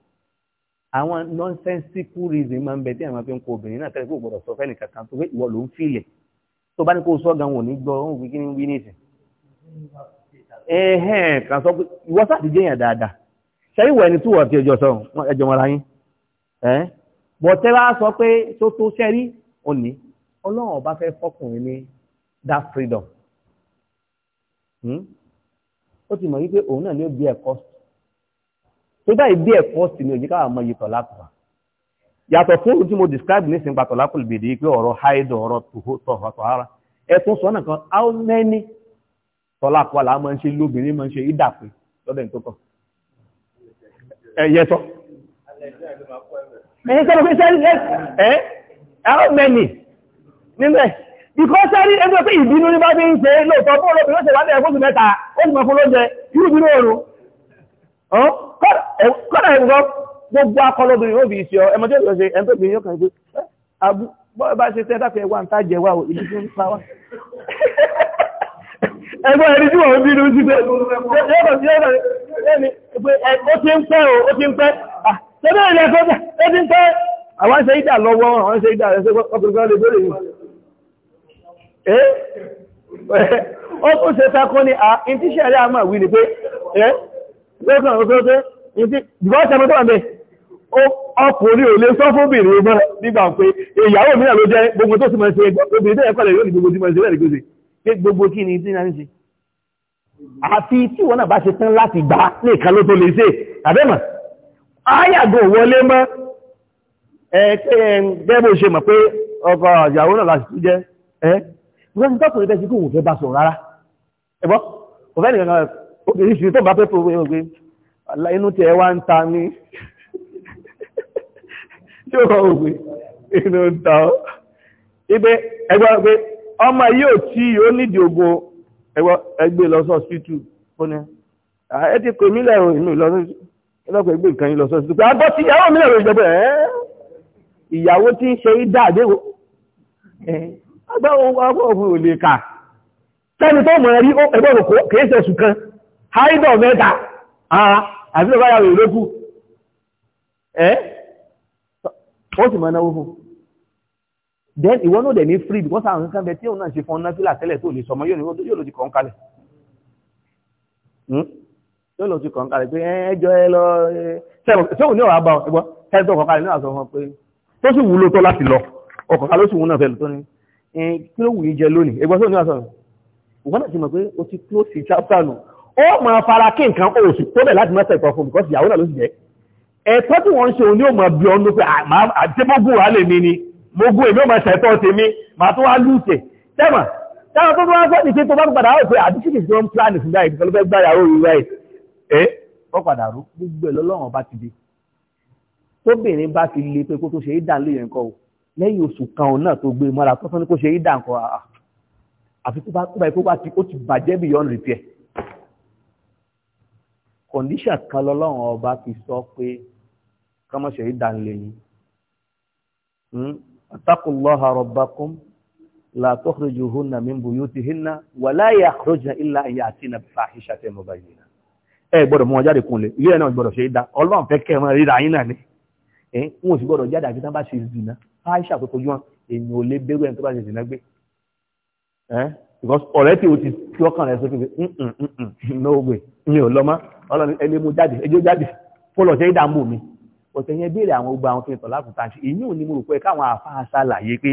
àwọn nonsensical reason máa ń bẹ tí àwọn fi ń kó obìnrin náà tẹ́lẹ̀ kó gbọ́dọ̀ sọ fẹ́ni kankan tó fẹ́ ìwọ ló ń filẹ̀ tó bá ní kó sọ gan wọn ò ní gbọ́ wọn kì í ní wí nísìn. ẹ̀hẹ́n kan sọ pé ìwọ sáà ti jẹ́yàn dáadáa ṣe ìwọ ẹni tí wọ́n ti ẹjọ́ sọ ẹjọ́ wọn ara yín bọ̀tẹ́ bá sọ pé tó tó ṣẹ́rí òní ọlọ́run ọba fẹ́ fọkùnrin ní that freedom hmm? ó ti mọ̀ wípé òun náà ni ó bí ẹ̀kọ́ tó báyìí bí ẹ̀fọ́ sí ni òjì káwà mọ iye tọ̀lá kù yàtọ̀ fún ohun tí mo describe ní ìsìnkú àtọ̀lá kù lùbèdè pé ọ̀rọ̀ haido ọ̀rọ̀ tọ̀họ̀ tọ̀hara ẹ̀tún sọ nìkan how many tọ̀lá kù àlà máa ń ṣe lóbìnrin máa ń ṣe ìdàpé lọ́dọ̀ tó kàn ẹ̀yẹ sọ. ẹ̀yin sọ́dọ̀ how many nílẹ̀ because sẹ́rí ẹgbẹ́ pé ìbínú ní bá bí ń ṣe lóòótọ́ fún olóbìnrin ó ṣe wá ní ẹ̀fọ́sù mẹ́ta ó sì mọ̀ fún lóúnjẹ irú ìbínú òru kọ́dà ẹ̀gbọ́n gbogbo akọlọ́bìnrin ó bí i ṣe ọ ẹmọdé ìlọ ṣe ẹ̀ńtọ́ obìnrin yóò kàn gbé abú bá ṣe tẹ́ dáfẹ́ wà ń tàjẹ̀ wà ìlú tó ń pa wá. ẹ̀gbọ́n ẹni tí wọ́n bínú sí pé ó ti ń pẹ́ o ó ti ń pẹ́ ṣẹ́bẹ̀ ilẹ̀ tó ó ti ń pẹ́ àwọn ṣe ìdà lọ́wọ́ àwọn ṣe ìdà ẹ̀ṣẹ́ ọkùnrin lè bẹ̀rẹ̀ yìí. ó kún ṣe takún ni à ń tíṣẹ́ rí àmọ́ because ẹmọ tó wà bẹ́ ọkùnrin ò lè sọ fún bìnrin náà nígbà pé ìyàwó mìíràn ló jẹ́ gbogbo tó sì mọ̀ sí obìnrin tẹ́yẹ kọ́lẹ̀ yóò ní gbogbo tí mọ̀ sí rẹ̀ gbèsè pé gbogbo kí ni tí náà ń ṣe àfi tí wọ́n náà bá ṣe tán láti gbà nìkan ló tó lè ṣe àbẹ́mọ̀ áyàgò wọlé mọ́ gẹ́gbẹ́ ṣe mọ̀ pé ọkọ ìyàwó náà láti tún jẹ́ ẹ́ wọ́n ti tọ́kùnrin bẹ́ẹ̀ sí kí òun fẹ́ bá sọ rárá ẹ̀bọ́ òfẹ́ nìkan obìnrin ṣe tó bá fẹ́ fún àlá inú tí ẹ wá ń ta ní tí ó rọrùn pé inú ń ta ọ́ ipé ẹgbọ́n pé ọmọ yóò tí ó nídìí ogun ẹgbẹ́ lọ́sọ̀ sítú fúnni ẹ ti pè mí lẹ́rọ inú ìlọ́sọ̀ ẹgbẹ́ nǹkan yìí lọ́sọ̀ sítú pé agbọ́ sí ìyàwó mi lẹ́rọ ìjọba ẹ̀ ìyàwó tí ń ṣe ìdá àdéhùn agbáwọn ọkọ̀ òlè kà sẹ́ni tó mọ̀ ẹ̀rí ẹgbẹ́ òkú kìí ṣe kan háìdọ̀ mẹ́ta ara àti lọ́gbà yàwó ìlókù ẹ́ ó sì mọ́ náwó fún then ìwọ náà dẹ̀ ní free because àwọn nǹkan bẹ tí òun náà ṣe fún ọ̀nà fílà tẹ́lẹ̀ tó lè sọmọ yóò lòdì kàn kalẹ̀ hmm? yóò lòdì kàn kalẹ̀ pé ẹjọ́ ẹ lọ ṣé òun ní ọ̀rọ̀ àbá ẹgbọ́ ẹjọ́ ọkọ̀ kalẹ̀ náà sọ fún pé tó sì wúlò tó láti lọ ọkọ̀ kalẹ̀ ó sì wúlò náà fẹ́ tó ní kí ló wù í jẹ lónìí ẹgbọ́ sóun ní ọ̀sán ìwọ náà ti mọ̀ pé o ti close chapter nù ó máa fara kí nǹkan oṣù tó bẹ̀ láti mọ́sẹ̀ ìpọ̀ fún bíkọ́sì ìyàwó náà ló sì jẹ́ ẹ̀tọ́ tí wọ́n ń ṣe òun ní ó máa bí ọ́nú pé àti mógún wà lè mi ni mógún èmi ó máa ṣẹ̀tọ́ ti mi màá tó wá lùtẹ̀ tẹ́mà táwọn tó tó wá sọ́ nìṣe tó bá padà wọ́n pé àdíṣìkì tí wọ́n ń pláàni fún báyìí kọ́ ló fẹ́ gbá ìyàwó rú rẹ̀ ẹ́ wọ́n padà rú gbogbo ẹ̀ lọ́lọ́run bá ti dé tóbìnrin pé tó o lẹ́yìn oṣù kan náà tó gbé e mọ́ra tó tán ní kó ṣe é dà nǹkan àfi tó bá ikú bá ti ó ti bàjẹ́ beyond kọ̀ǹdíṣà kan lọ́lọ́run ọba fi sọ pé kọ́mọ̀ṣẹ̀ yìí dánilẹ̀ yìí hmm? atakullaha rabbakum la tukhrijuhunna min buyutihinna wa la yakhrujna illa an ya'tina bi fahishatin mubayyinah ẹ gbọ́dọ̀ mú wọn jáde kúnlẹ̀ ilé ẹ̀ náà gbọ́dọ̀ ṣe é dá ọlọ́run fẹ́ kẹ́ ẹ̀ máa ríra yín náà ni ẹ̀ ń wọ́n sì gbọ́dọ̀ jáde àti tán bá ṣe zìnà fáhíṣà tó kojú wọn èèyàn ò lè bẹ̀rù ẹni tó bá ṣe zìnà gbé because ọ̀rẹ́ tí o ti fi ọkàn rẹ̀ sókè n'ogbe mi ò lọ́mọ́ ọlọ́run ẹni mú jáde ẹjọ́ jáde fọlọ̀ ṣe ìdààmú mi ọ̀sẹ̀ yẹn béèrè àwọn ogun àwọn kìnìún tọ̀láàkù tá a ṣe èyí ò ní mo rò pé káwọn àfáà ṣàlàyé pé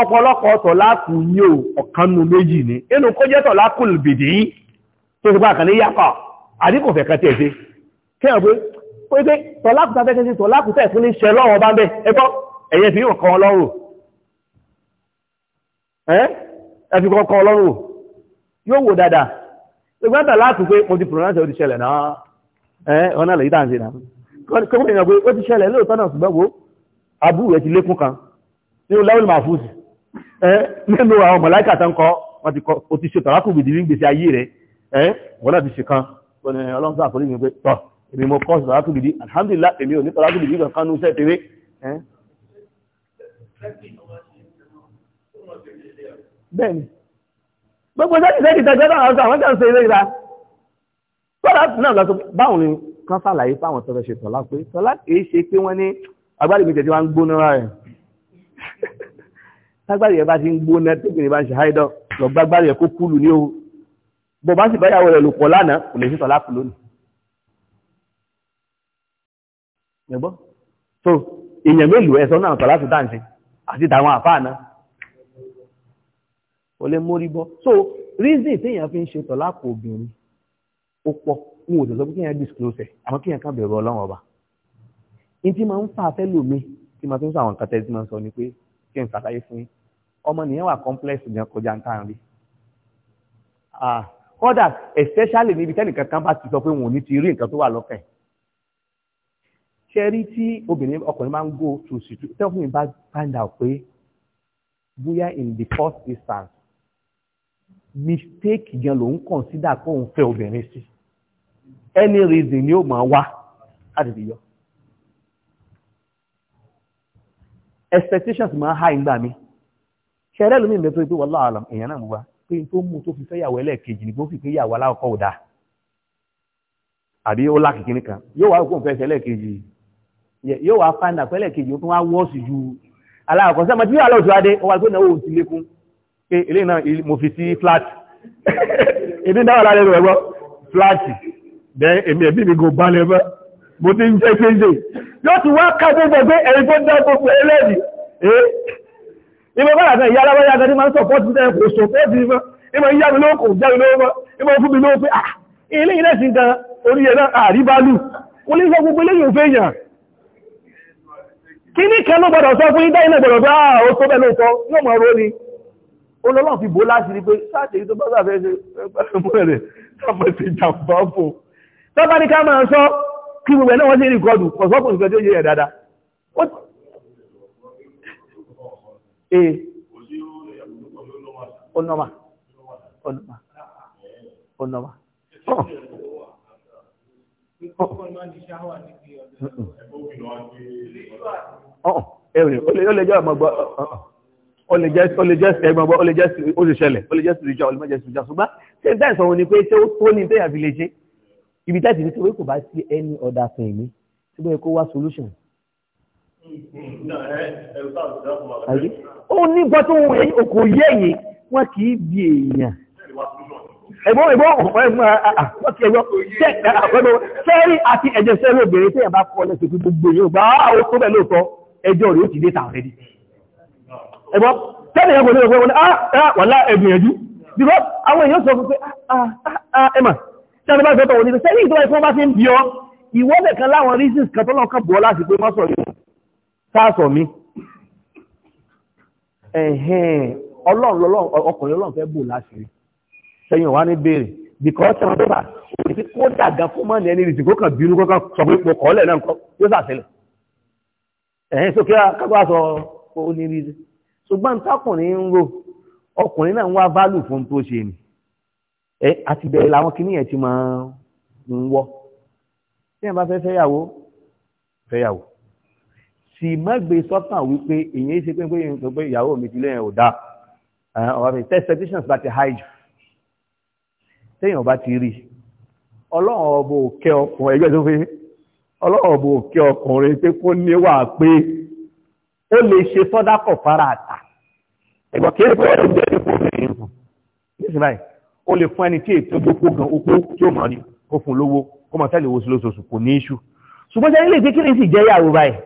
ọ̀pọ̀lọpọ̀ tọ̀láàkù yìí ò ọ̀kan nu méjì ni inú kó jẹ́ tọ̀láàkù bìdì yìí tó ti pa àkànlé yàpá àdínkù fẹ̀ kan tẹ̀sí kẹ́hìn pé pé tọ̀láàkù tá a fẹ́ ṣe tọ̀láàkù tẹ̀ fún ní ṣẹ lọ́wọ́ bá ń bẹ́ ẹgbọ́ ẹ̀yẹ fi yóò kan ẹ̀fí kọ́kọ́ ọlọ́run yóò wò dáadáa ìgbàtà láti pé mo ti pronounce ó ti ṣẹlẹ̀ náà ẹ̀ ọ̀nà lè dáa ń ṣe náà kọ́kọ́ ìyàn pé ó ti ṣẹlẹ̀ lóòótọ́ náà ṣùgbọ́n wo àbúrò rẹ̀ ti lékún kan ní láwùlì máa fúùsì ẹ̀ nínú àwọn mọ̀láìkà tán kọ́ ó ti ṣe tọ̀rákù gbìdì ní gbèsè ayé rẹ̀ ẹ̀ wọ́n láti ṣe kan ọlọ́run sáà fọ́lé mi pé tọ̀ èmi mo kọ́ tọ̀rákù gbìdì alhamdulillah èmi ò ní tọ̀rákù gbìdì kankan nú sẹ́ẹ̀ bẹ́ẹ̀ni gbogbo sẹ́kì sẹ́kì tẹ́jọ́ náà sọ àwọn tẹ́sọ ilé ìra tọ́lá náà lọ sọ báwọn ni kan sàlàyé fáwọn tọ́lá ṣe tọ́lá pé tọ́lá kìí ṣe pé wọ́n ní agbárí mi tẹ̀síwá ń gbóná rẹ̀ tágbárí ẹ̀ bá ti ń gbóná tóbìnrin bá ń ṣe háìdọ̀ lọ gbágbárí ẹ̀ kó kúlù ní o bọ̀ bá sì báyàwó rẹ̀ lò pọ̀ lánàá kò lè ṣe tọ́lá kù lónìí. ẹ̀gbọ́n so èèyàn mélòó ẹ̀sọ́ náà tọ́lá ti dáǹṣe àti tàwọn àfáà náà ó lè mórí bọ́ so reason téèyàn fi ń ṣe tọ̀láàpù obìnrin ó pọ̀ n ò sọ pé kéèyàn disclose ẹ̀ àmọ́ kéèyàn kàn bẹ̀rù ọlọ́run ọba n tí máa ń fà fẹ́ lómi tí máa tún sọ àwọn nǹkan tẹ́tí máa ń sọ ni pé kí n ṣàlàyé fún yín ọmọ nìyẹn wà complex gan kọjá ń tàn rí kódà especially níbi tẹ́nìkan kan bá ti sọ pé wọn ò ní ti rí nǹkan tó wà lọ́kàn ṣe rí tí obìnrin ọkùnrin máa ń go through situation tell me bá find out pé bóyá in the first instance mistake gan ló ń kọ̀nsídà kó ń fẹ́ obìnrin sí any reason ni ó máa wá láti fi yọ expectations máa há ìgbà mi ṣẹlẹ̀ lómi ìgbẹ́ tó pé wọ́n láàlọ́ èèyàn náà mú wa pé tó mú tó fi fẹ́ yàwó ẹlẹ́ẹ̀kejì ni tó fi pé yàwó aláwọ̀kọ́ ò dáa àbí ó láàkì kìíní kan yóò wá òkú fẹ́ ẹlẹ́ẹ̀kejì yóò wá fáńdà pẹ́lẹ́ẹ̀kejì ó tún wá wọ́ọ̀sì ju aláwọ̀kọ́ sẹ́mọ̀ tí yóò alọ́ pé ilé náà mo fi sí flat ìdí dáwà lára ẹ̀rọ ẹ̀gbọ́ flat then èmi ẹ̀bí mi go balẹ̀ ẹ̀bọ́ mo ti ń jẹ́ kéjì yóò ti wá kájẹ́ gbogbo ẹ̀rí tó dá gbogbo ẹlẹ́rìí eh ìmọ̀ bá àtẹ ìyá aláwọ̀ yàtọ̀ ní máa ń sọ fọ́tí tẹ́ kò sọ fọ́tí mọ́ ìmọ̀ ìyá mi lóko já mi lówó ìmọ̀ fún mi lówó pé ah ilé ilé sì gan orí ẹ̀ náà àríbálù kò ní sọ gbogbo eléyìí òfin yàn kí ní kẹ́ ló gbọdọ̀ sọ fún yín dáìnà gbọdọ̀ bá ah, ó tó bẹ́ẹ̀ lóòótọ́ yóò mọ̀ ọ́ olólùwà fi bò láti pé sáàtì tó bá sàfẹ́ ṣe ẹgbẹ́ rẹ̀ sáàpẹ́ ti fò tọ́bá ní ká máa sọ kí gbogbo ẹ̀ náà wọ́n sí rìkọ́dù kọ̀sọ́kùn nǹkan tó yẹ ẹ̀ dáadáa ó lè jẹ́ ẹgbọ̀n ó lè jẹ́ òṣìṣẹ́lẹ̀ ó lè jẹ́ ìrìjà ó lè mẹ́jẹ̀ ìrìjà ṣùgbọ́n ṣe ń tẹ́sán òun ni pé ṣé ó tó ní tẹ́yà fi lè ṣe ibi tẹ́sí ní pé kò bá sí any other thing mi tí bẹ́ẹ̀ kó wá solution. ó ní gbọ́ tó ń wẹ̀ òkò yẹ̀yẹ̀ wọ́n kì í bí èèyàn. ẹ̀gbọ́n ẹ̀gbọ́n ọ̀pọ̀ ẹ̀gbọ́n wọ́n ti ẹ̀gbọ́n sẹ́ẹ̀rì àti ẹ̀jẹ̀ sẹ́ẹ̀rì obìnrin tẹ́yà bá kọ́ ọ ẹ̀bọ́ tẹ́lẹ̀ ẹgbẹ̀ ní ọgbẹ̀ wọn ah, ah, wọ́lá ẹgbìyànjú bíbọ́ àwọn èèyàn sọ fún pé ẹmà ah, tí a ní bá fẹ́ tọ̀wọ̀ nílé sẹ́yìn ìtọ́wọ́ ìfọ́n bá fi ń bí ọ ìwọ́lẹ̀ kan láwọn reasons kan tọ́lọ́ kan bọ́ láti pé mọ́sọ̀ yìí sáàsọ̀ mi ẹ̀hẹ́n ọlọ́run ọkùnrin ọlọ́run fẹ́ bò láti sẹ́yìn wá ní béèrè bìkọ́ tí wọ́n bá òun ti kó dàgbà fún mọ́ni ẹni rìsìkó kan bínú kọ́kọ́ sọ pé pọ̀ kọ́lẹ̀ náà yóò sàṣẹlẹ̀ ẹ̀hẹ́n sókè kápá sọ ó ní reason ṣùgbọ́n tákùnrin ń ro ọkùnrin náà ń wá válù fún tó ṣe ni ẹ àti bẹ̀rẹ̀ làwọn kìíní yẹn ti máa ń wọ́ tí ẹ bá fẹ́ fẹ́yàwó fẹ́yàwó sì mẹ́gbẹ́ sọ́tàn wípé èyí ṣe pé pé ìyàwó mi ti lẹ́yìn ọ̀dà ọ̀rọ̀ mi tẹ́sítẹ́tíṣàn bá ti háì jù téèyàn bá ti rí ọlọ́run ọbọ̀ òkè ọkùnrin ẹgbẹ́ tó fi ọlọ́run ọbọ̀ òkè ọkùnrin pé kó níwà pé ó lè ṣe sọ́dákọ̀ fara àtà ẹ̀gbọ́n kí ẹ̀kọ́ ọ̀rọ̀ jẹ́ ìpò mẹ́rin fún nísìn báyìí ó lè fún ẹni tí ètò gbogbo gan opó tí ó mọ̀ ní ó fún lówó kó mọ̀ tẹ́lẹ̀ owó sí lóṣooṣù kò ní iṣu ṣùgbọ́n sẹ́yìn lè kékeré sì jẹ́ ìyàwó báyìí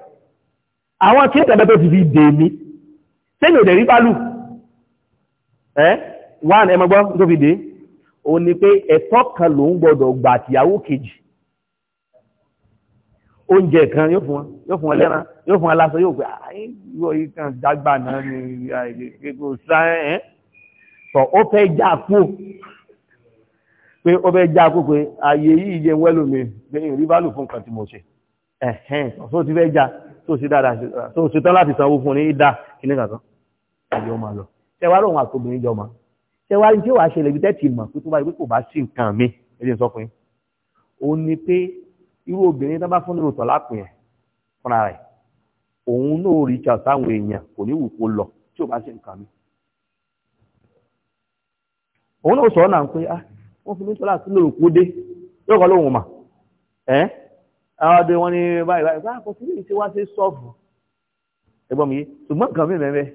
àwọn tí ìtẹ̀bẹ́ tó ti fi dè mí sẹ́yìn ò dẹ̀ rí bálù ẹ́ wọ́n ẹ̀mọ́gbọ́n tó fi dè ó ní pé ẹ̀tọ́ kan lòún gbọ́dọ̀ gbà tìyàwó kejì oúnjẹ kan yóò fún wọn yóò fún wọn lẹ́ran yóò fún wọn lásọ yóò pé àìyíwọ ah, yìí kan dágbà náà ni kò sáyẹn ẹ́ sọ ó fẹ́ já kú pé ó fẹ́ já kú pé ààyè yìí yẹ wẹ́lò mi pé ìrí bá lù fún nǹkan tí mo ṣe ẹ̀hẹ́n tó ti fẹ́ já tó ṣe dáadáa tó ṣe tán láti sanwó fún ní dá kìíní kan tán ẹ̀yọ́ máa lọ ṣé wàá lóun àtòbìnrin jọ mọ́ ṣé wàá ní tí wàá ṣẹlẹ̀ ibi tẹ́tì mọ̀ pé tó bá yẹ pé kò bá sí nǹkan mi irú obìnrin tó bá fún nínú tọ̀lá pin ẹ̀ fúnra rẹ̀ òun náà rí ìjà sáwọn èèyàn kò ní wù kó lọ tí ò bá ṣe nǹkan mi òun náà sọ̀rọ̀ náà pé ah wọ́n fi mí tọ́lá sí lóru kó dé yóò kọ́ lóhùn mà ẹ́ àwọn ọdẹ wọn ní báyìí báyìí báyìí ah, kò sí ní ìṣe wá sí sọ́ọ̀fù ẹgbọ́n mi ṣùgbọ́n nǹkan mi mẹ́mẹ́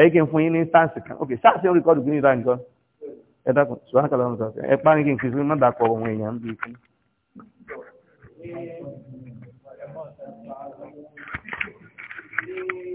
ẹ kí n fún yín ní sáǹsì kan ok sáǹsì ń rìkọ́dù kí ní ìdá nǹkan ẹ dákun ṣùgbọ́n kàlọ́ ọ̀hún sọ̀rọ̀ ẹ pa ní kí n fi sí mọ́dà pọ̀ ọ̀hún èèyàn ń bí i fún mi pé ẹ̀kọ́ ọ̀sẹ̀